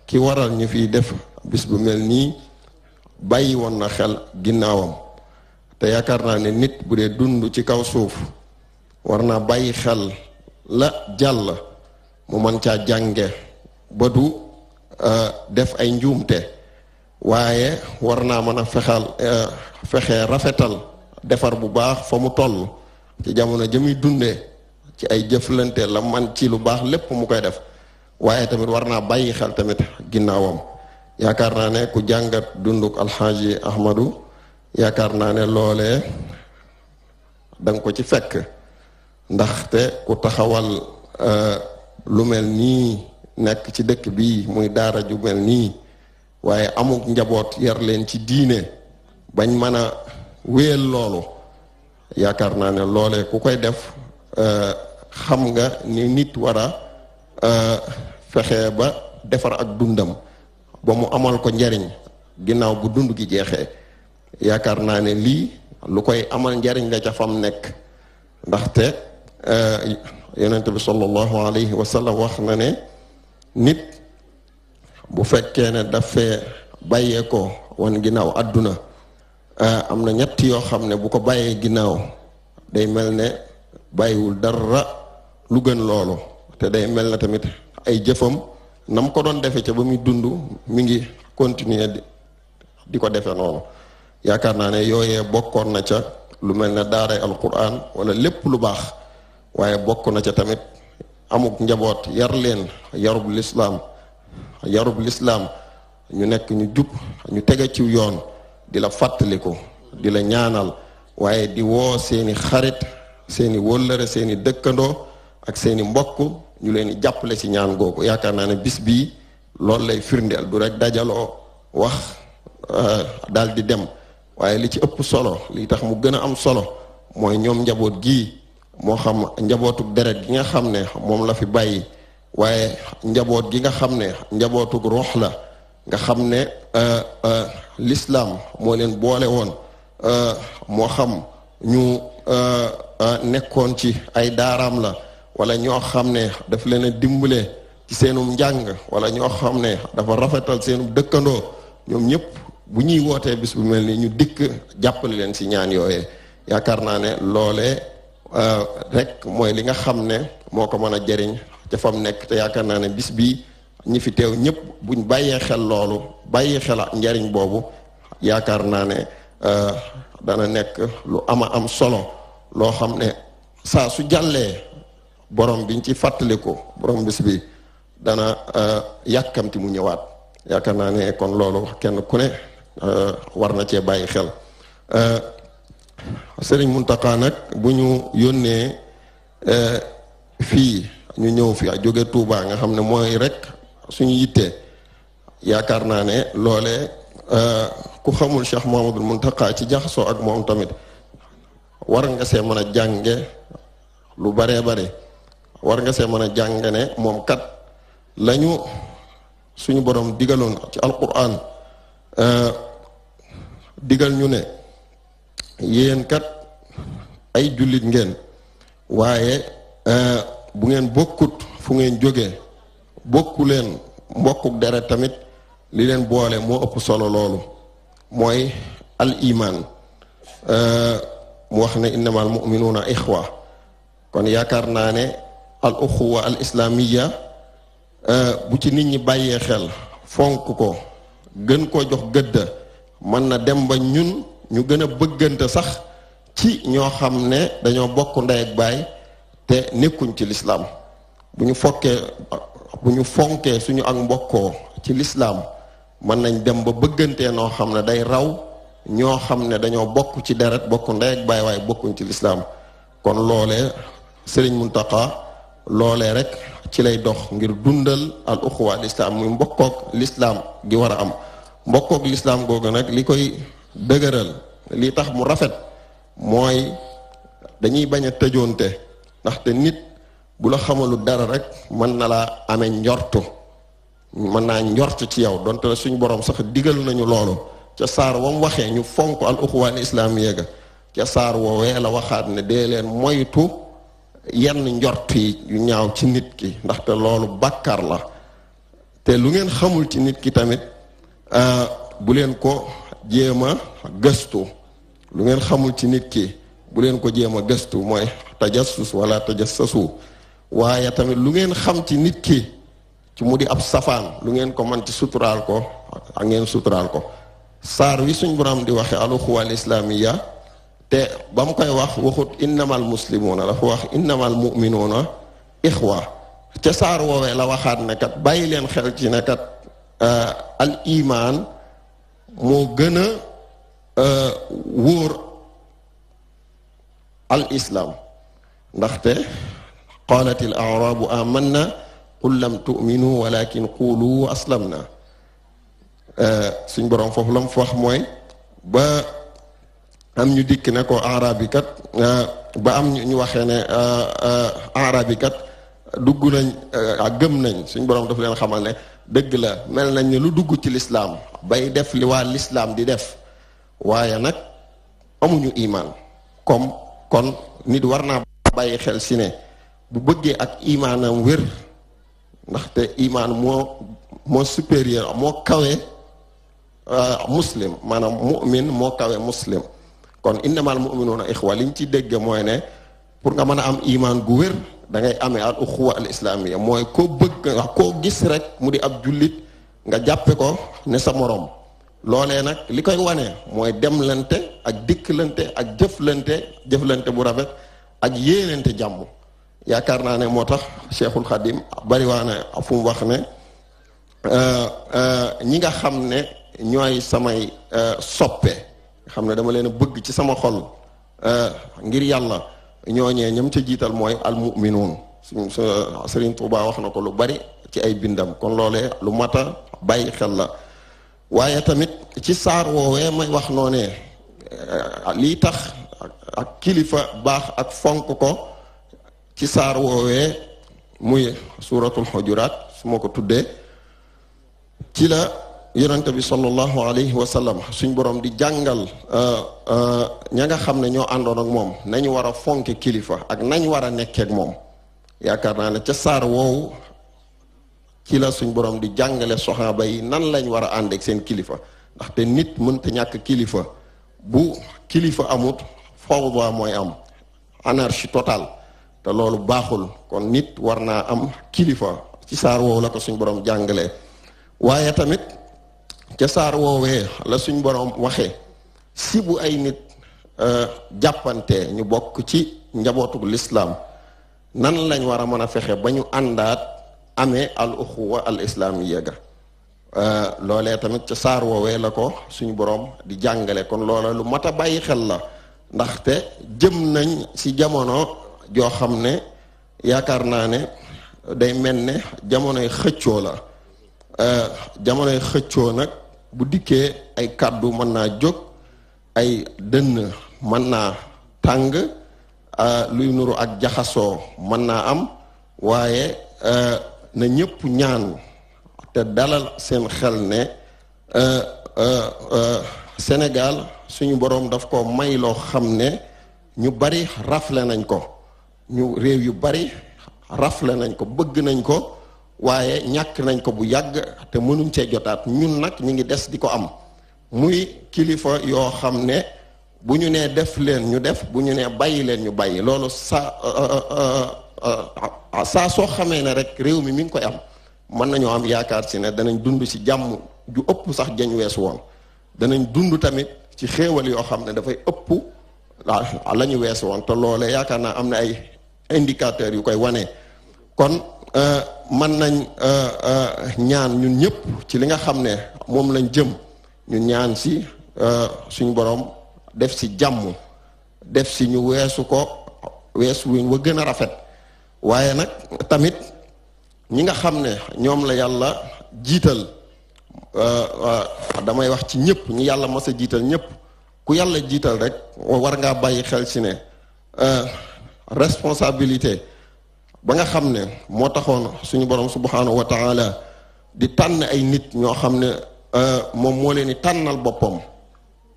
ki waral ñu fiy def bis bu mel nii bàyyi woon na xel ginnaawam te yaakaar naa ne nit bu dee dund ci kaw suuf war naa xel la jàll mu mën caa jànge badu du euh, def ay njuumte waaye war naa mën a fexal euh, fexe rafetal defar bu baax fa mu toll ci jamono jëmi dunde ci ay jëflante la man ci lu baax lépp mu koy def waaye tamit war naa bàyyi xel tamit ginnaawam yaakaar naa ne ku jàngat dunduk alxaaji ahmadu yaakaar naa ne loole danga ko ci fekk ndaxte ku taxawal euh, lu mel nii nekk ci dëkk bi muy daara ju nii waaye amuk njaboot yar leen ci diine bañ mën a wéyal loolu yaakaar naa ne loole ku koy def euh, xam nga ni nit war a euh, fexe ba defar ak dundam ba mu amal ko njariñ ginnaaw bu dund gi jeexee yaakaar naa ne lii lu koy amal njariñ la ca nekk ndaxte euh, yonent bi sallallahu alayhi wa wax na ne nit bu fekkee ne dafee bàyyee ko wan ginnaaw àdduna eh, am na ñetti yoo xam ne bu ko bàyyee ginnaaw day mel ne bàyyiwul dara lu gën loolu te day mel na tamit ay jëfam nam ko doon defe ca ba muy dund mi ngi continuer di ko defe noonu yaakaar naa ne yooyee bokkoon na ca lu mel ne daaray alquran wala lépp lu baax waaye bokk na ca tamit amuk njaboot yar leen yarub lislaam yarub lislaam ñu nekk ñu jub ñu tege ci yoon di la fàttaliku di la ñaanal waaye di woo seeni xarit seeni wóllëre seeni dëkkandoo ak seeni mbokk ñu leen di jàppale si ñaan googu yaakaar naa ne bis bii loolu lay firndeel du rekk dajaloo wax euh, daal di dem waaye li ci ëpp solo li tax mu gën a am solo mooy ñoom njaboot gii moo xam njabootuk deret gi nga xam ne moom la fi bàyyi waaye njaboot gi nga xam ne njabootuk ruux la nga xam ne euh, euh, lislaam moo leen boole woon euh, moo xam ñu nekkoon ci ay daaraam la wala ñoo xam ne daf leen dimbale ci seenum njàng wala ñoo xam ne dafa rafetal seenum dëkkandoo ñoom ñëpp bu ñuy wootee bis bu mel ni ñu dikk jàppale leen si ñaan yooyee yaakaar naa ne loolee Euh, rek mooy li nga xam ne moo ko mën a jariñ te fa mu nekk te yaakaar naa ne bis bii ñi fi teew ñëpp buñ bàyyee xel loolu bàyyee xel njariñ boobu yaakaar naa ne euh, dana nekk lu ama am solo loo xam ne saa su jàllee borom biñ ci fàttaliku borom bis bi dana euh, yàkkamti mu ñëwaat yaakaar naa ne kon loolu kenn ku ne war na cee bàyyi xel sëriñ Muntaxa nag bu ñu yónnee eh, fii ñu ñëw fi a jóge tuubaa nga xam ne mooy rek suñu yittee yaakaar naa ne loole eh, ku xamul Cheikh Mouhamadul Muntaxa ci jaxasoo ak moom tamit war nga see mën a jànge lu baree bare war nga see mën a jànge ne moom kat lañu suñu borom digaloon ci alquran eh, digal ñu ne yéen kat ay jullit ngeen waaye euh, bu ngeen bokkut fu ngeen jóge bokku leen mbokkuk deret tamit li leen boole moo ëpp solo loolu mooy al iman euh, mu wax ne innamal muminuuna ixwa kon yaakaar naa ne al uxuwa al islamiya euh, bu ci nit ñi bàyyee xel fonk ko gën koo jox gëdda mën na dem ba ñun ñu gën a bëggante sax ci ñoo xam ne dañoo bokk ndey ak baay te nekkuñ ci lislaam bu ñu fokkee bu ñu fonkee suñu ak mbokkoo ci lislaam mën nañ dem ba bëggantee noo xam ne day raw ñoo xam ne dañoo bokk ci deret bokk ndey ak baay waaye bokkuñ ci lislaam kon loolee sëriñ Muntaqa loolee rek ci lay dox ngir dundal al uxuwa al islaam muy mbokkook lislaam gi war a am mbokkook lislaam googu nag li koy dëgëral li tax mu rafet mooy dañuy bañ a tëjoonte ndaxte nit bu la xamalu dara rek mën na laa amee njortu mën naa njort ci yow donte la suñu borom sax digal nañu loolu ca saar wa mu waxee ñu fonk al uxwaan islaamiya ga ca saar woowee la waxaat ne dee leen moytu yenn njort yi yu ñaaw ci nit ki ndaxte loolu bàkkar la te lu ngeen xamul ci nit ki tamit euh, bu leen ko Jema, gestu lungen lu ngeen xamul ci nit ki bu len ko jema gestu moy tajassus wala tajassasu waya tamit lu ngeen xam ci nit ki ci mudi ab safan lu ngeen ko man ci sutural ko ak ngeen sutural ko sar wi suñu borom di waxe alu al islamiyya te bam koy wax waxut innamal muslimuna la wax innamal mu'minuna ikhwa ca sar wowe la waxat ne kat bàyyi xel ci ne euh, al iman mo gëna euh wor al islaam ndaxte qalat al a'rab amanna qul lam tuminu walakin qulu aslamna euh suñ borom fofu lam wax moy ba am ñu dik ne ko arabi kat ba am ñu waxé ne euh arabi kat duggu nañ ak gëm nañ suñ borom dafa leen xamal ne dëgg la mel nañ ne lu dugg ci lislaam bay def li waa lislaam di def waaye nag amuñu imaan kom kon nit war naa bàyyi xel si ne bu bëggee ak imaanam wér ndaxte imaan moo moo supérieur moo kawe euh, muslim maanaam mu'min moo kawe muslim kon innamal mu'minuuna ixwa liñ ci dégg mooy ne pour nga mën a am imaan gu wér da ngay amee al uxuwa al islamiya mooy ko bëgg wax koo gis rek mu di ab jullit nga jàppe ko ne sa moroom loolee nag li koy wane mooy demlante ak dikklante ak jëflante jëflante bu rafet ak yéenante jàmm yaakaar naa ne moo tax cheikhul xadim bari waa ne fu wax ne euh, euh, ñi nga xam ne ñooy samay euh, soppe xam ne dama leen bëgg ci sama xol ngir yàlla ñooñee ñam ca jiital mooy almuminuun suñ Sëriñ wax na ko lu bari ci ay bindam kon loolee lu mata a bàyyi waaye tamit ci saar woowee may wax noonee eh, lii tax ak kilifa baax ak fonk ko ci saar woowee muy suuratul xujuraat su ma ko tuddee ci la yonent bi sallallahu alayhi wa sallam suñ borom di jàngal uh, uh, ña nga xam ne ñoo àndoon moom nañ war a fonke kilifa ak nañ war a nekkeek moom yaakaar naa ne ca saar woowu ci la suñ borom di jàngale soxaaba yi nan lañ war a àndeek seen kilifa ndaxte nit mënta ñàkk kilifa bu kilifa amut fawda mooy am anarchie totale te loolu baaxul kon nit war naa am kilifa ci saar woowu la ko suñ borom jàngalee waaye tamit ca saar woowee la suñ boroom waxe si bu ay nit euh, jàppante ñu bokk ci njabootu lislaam nan lañ war a mën a fexe ba ñu àndaat amee al uxuwa al islaamiya ga euh, loolee tamit ca saar woowee la ko suñu boroom di jàngale kon loola lu mat a bàyyi xel la ndaxte jëm nañ ci jamono joo xam ne yaakaar naa ne day mel ne jamonoy xëccoo la euh, jamonoy xëccoo nag bu dikkee ay kàddu mën naa jóg ay dënn mën naa tàng luy nuru ak jaxasoo mën naa am waaye na ñëpp ñaan te dalal seen xel ne Sénégal suñu boroom daf ko may loo xam ne ñu bari rafle nañ ko ñu réew yu bari rafle nañ ko bëgg nañ ko waaye ñàkk nañ ko bu yàgg te mënuñ cee jotaat ñun nag ñu ngi des di ko am muy kilifa yoo xam ne bu ñu nee def leen ñu def bu ñu nee bàyyi leen ñu bàyyi loolu saa euh, euh, euh, ah, saa soo xamee ne rek réew mi mi ngi koy am mën nañoo am yaakaar si ne danañ dund si jàmm ju ëpp sax jañ wees woon danañ dund tamit ci xéewal yoo xam ne dafay ëpp la ñu wees woon te loole yaakaar naa am na ay indicateurs yu koy wane. kon euh, mën nañ euh, euh, ñaan ñun ñëpp ci li nga xam ne moom lañ jëm ñu ñaan si suñu borom def si jàmm def si ñu weesu ko weesu wuñ wa gën a rafet waaye nag tamit ñi nga xam ne ñoom la yàlla jiital damay wax ci ñëpp ñi yàlla mas jiital ñëpp ku yàlla jiital rek war ngaa bàyyi xel si ne responsabilité ba nga xam ne moo taxoon suñu borom subhanahu wa taala di tànn ay nit ñoo xam ne euh, moom moo leen di tànnal boppam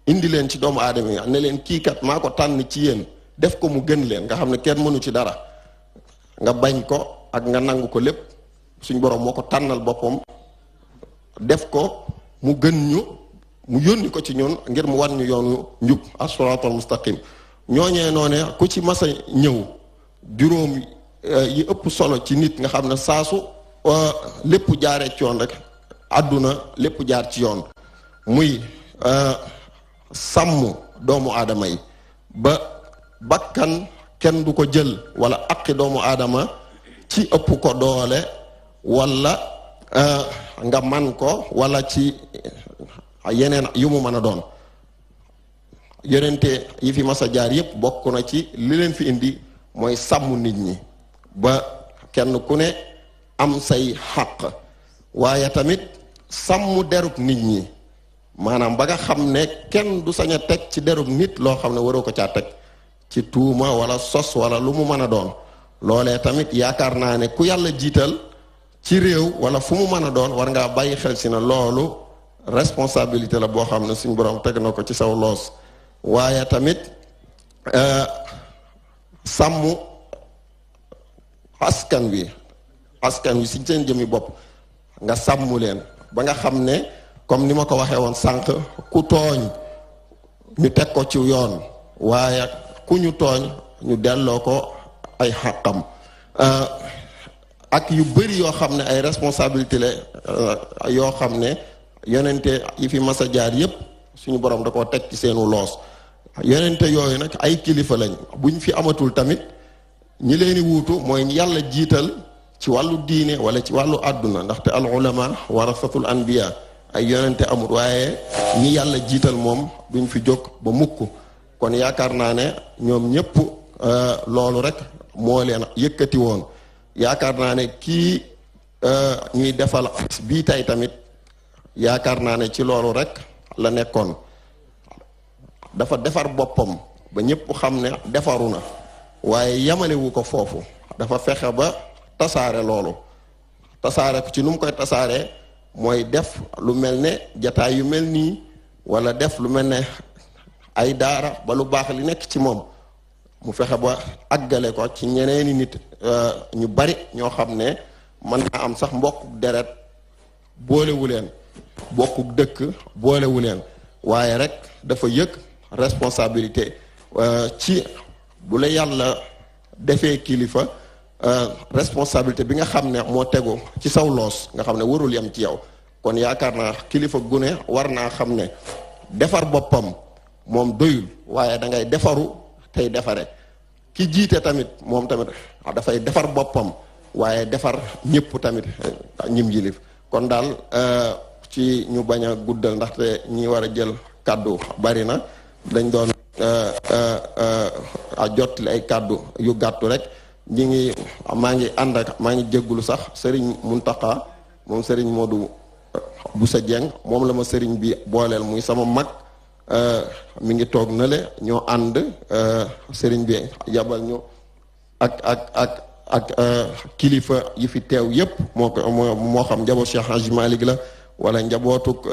indi leen ci doomu aadama yi ne leen kii kat maa ko tànn ci yéen def ko mu gën leen nga xam ne kenn ci dara nga bañ ko ak nga nangu ko lépp suñu borom moo ko tànnal boppam def ko mu gën ñu mu yónni ko ci ñun ngir mu ñu yoonu njub mustaqim ñooñee noone ku ci masa ñëw juróom Euh, yi ëpp solo ci nit nga xam ne saasu euh, lépp jaaree ci yoon rek àdduna lépp jaar ci yoon muy euh, sàmm doomu aadama yi ba bakkan kenn du ko jël wala aqi doomu aadama ci ëpp ko doole wala nga man ko wala ci yeneen yu mu mën a doon yeneente yi fi mas a jaar yépp bokk na ci li leen fi indi mooy sàmm nit ñi ba kenn ku ne am say hak waaye tamit sàmm derub nit ñi maanaam ba nga xam ne kenn du sañ a teg ci derub nit loo xam ne waroo ko caa teg ci tuuma wala sos wala lu mu mën a doon loolee tamit yaakaar naa ne ku yàlla jiital ci réew wala fu mu mën a doon war ngaa bàyyi xel si na loolu responsabilité la boo xam ne suñ borom teg na ko ci saw loos waaye tamit euh, sàmm askan wi askan wi si seen jëmi bopp nga sàmm leen ba nga xam ne comme ni ma ko waxee woon sànq ku tooñ ñu teg ko ci yoon waaye ku ñu tooñ ñu delloo ko ay xàqam euh, ak yu bëri yoo xam ne ay responsabilité la euh, yoo xam ne yonente yi fi mas a jaar yépp suñu borom da koo teg ci seenu loos yonente yooyu nag ay kilifa lañ buñ fi amatul tamit ñi leen di wuutu mooy yàlla jiital ci wàllu diine wala ci wàllu àdduna ndaxte al ulama warasatul anbiya ay yonente amul waaye ñi yàlla jiital moom duñ fi jóg ba mukk kon yaakaar naa ne ñoom ñëpp euh, loolu rek moo leen yëkkati woon yaakaar naa ne kii euh, ñuy defal bii tey tamit yaakaar naa ne ci loolu rek la nekkoon dafa defar boppam ba ñëpp xam ne defaru na waaye yamalewu ko foofu dafa fexe ba tasaare loolu tasaare ko ci nu koy tasaare mooy def lu mel ne jataay yu mel nii wala def lu mel ne ay daara ba lu baax li nekk ci moom mu fexe ba àggale ko ci ñeneeni nit euh, ñu bari ñoo xam ne mën naa am sax mbokkuk deret boolewu leen bokkuk dëkk boolewu leen waaye rek dafa yëg responsabilité euh, ci bu la yàlla defee kilifa euh, responsabilité bi nga xam ne moo tegu ci saw loos nga xam ne warul yam ci yow kon yaakaar naa kilifa gune war naa xam ne defar boppam moom doyul waaye da ngay defaru tey defare ki jiite tamit moom tamit dafay defar boppam waaye defar ñëpp tamit euh, ñim jilif kon daal euh, ci ñu bañ a guddal ndaxte ñi war a jël kàddu bari na dañ doon Euh, euh, euh, a jot ay kàddu yu gàttu rek ñi ngi maa ngi ànd ak maa ngi jéggulu sax sëriñ Muntaqa moom sëriñ Modou Boussa Dieng moom la ma sëriñ bi booleel muy sama mag mi ngi toog nale ñoo ànd sëriñ bi yabal ñu ak ak ak ak kilifa yi fi teew yépp moo ko moo xam njaboot la wala njabootuk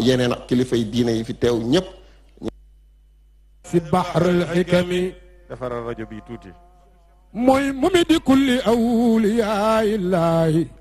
yeneen kilifa kilifay diine yi fi teew ñépp fi baxril xikami defaral rajo bi tuuti mooy mu mi di kulli awliyaa illaahi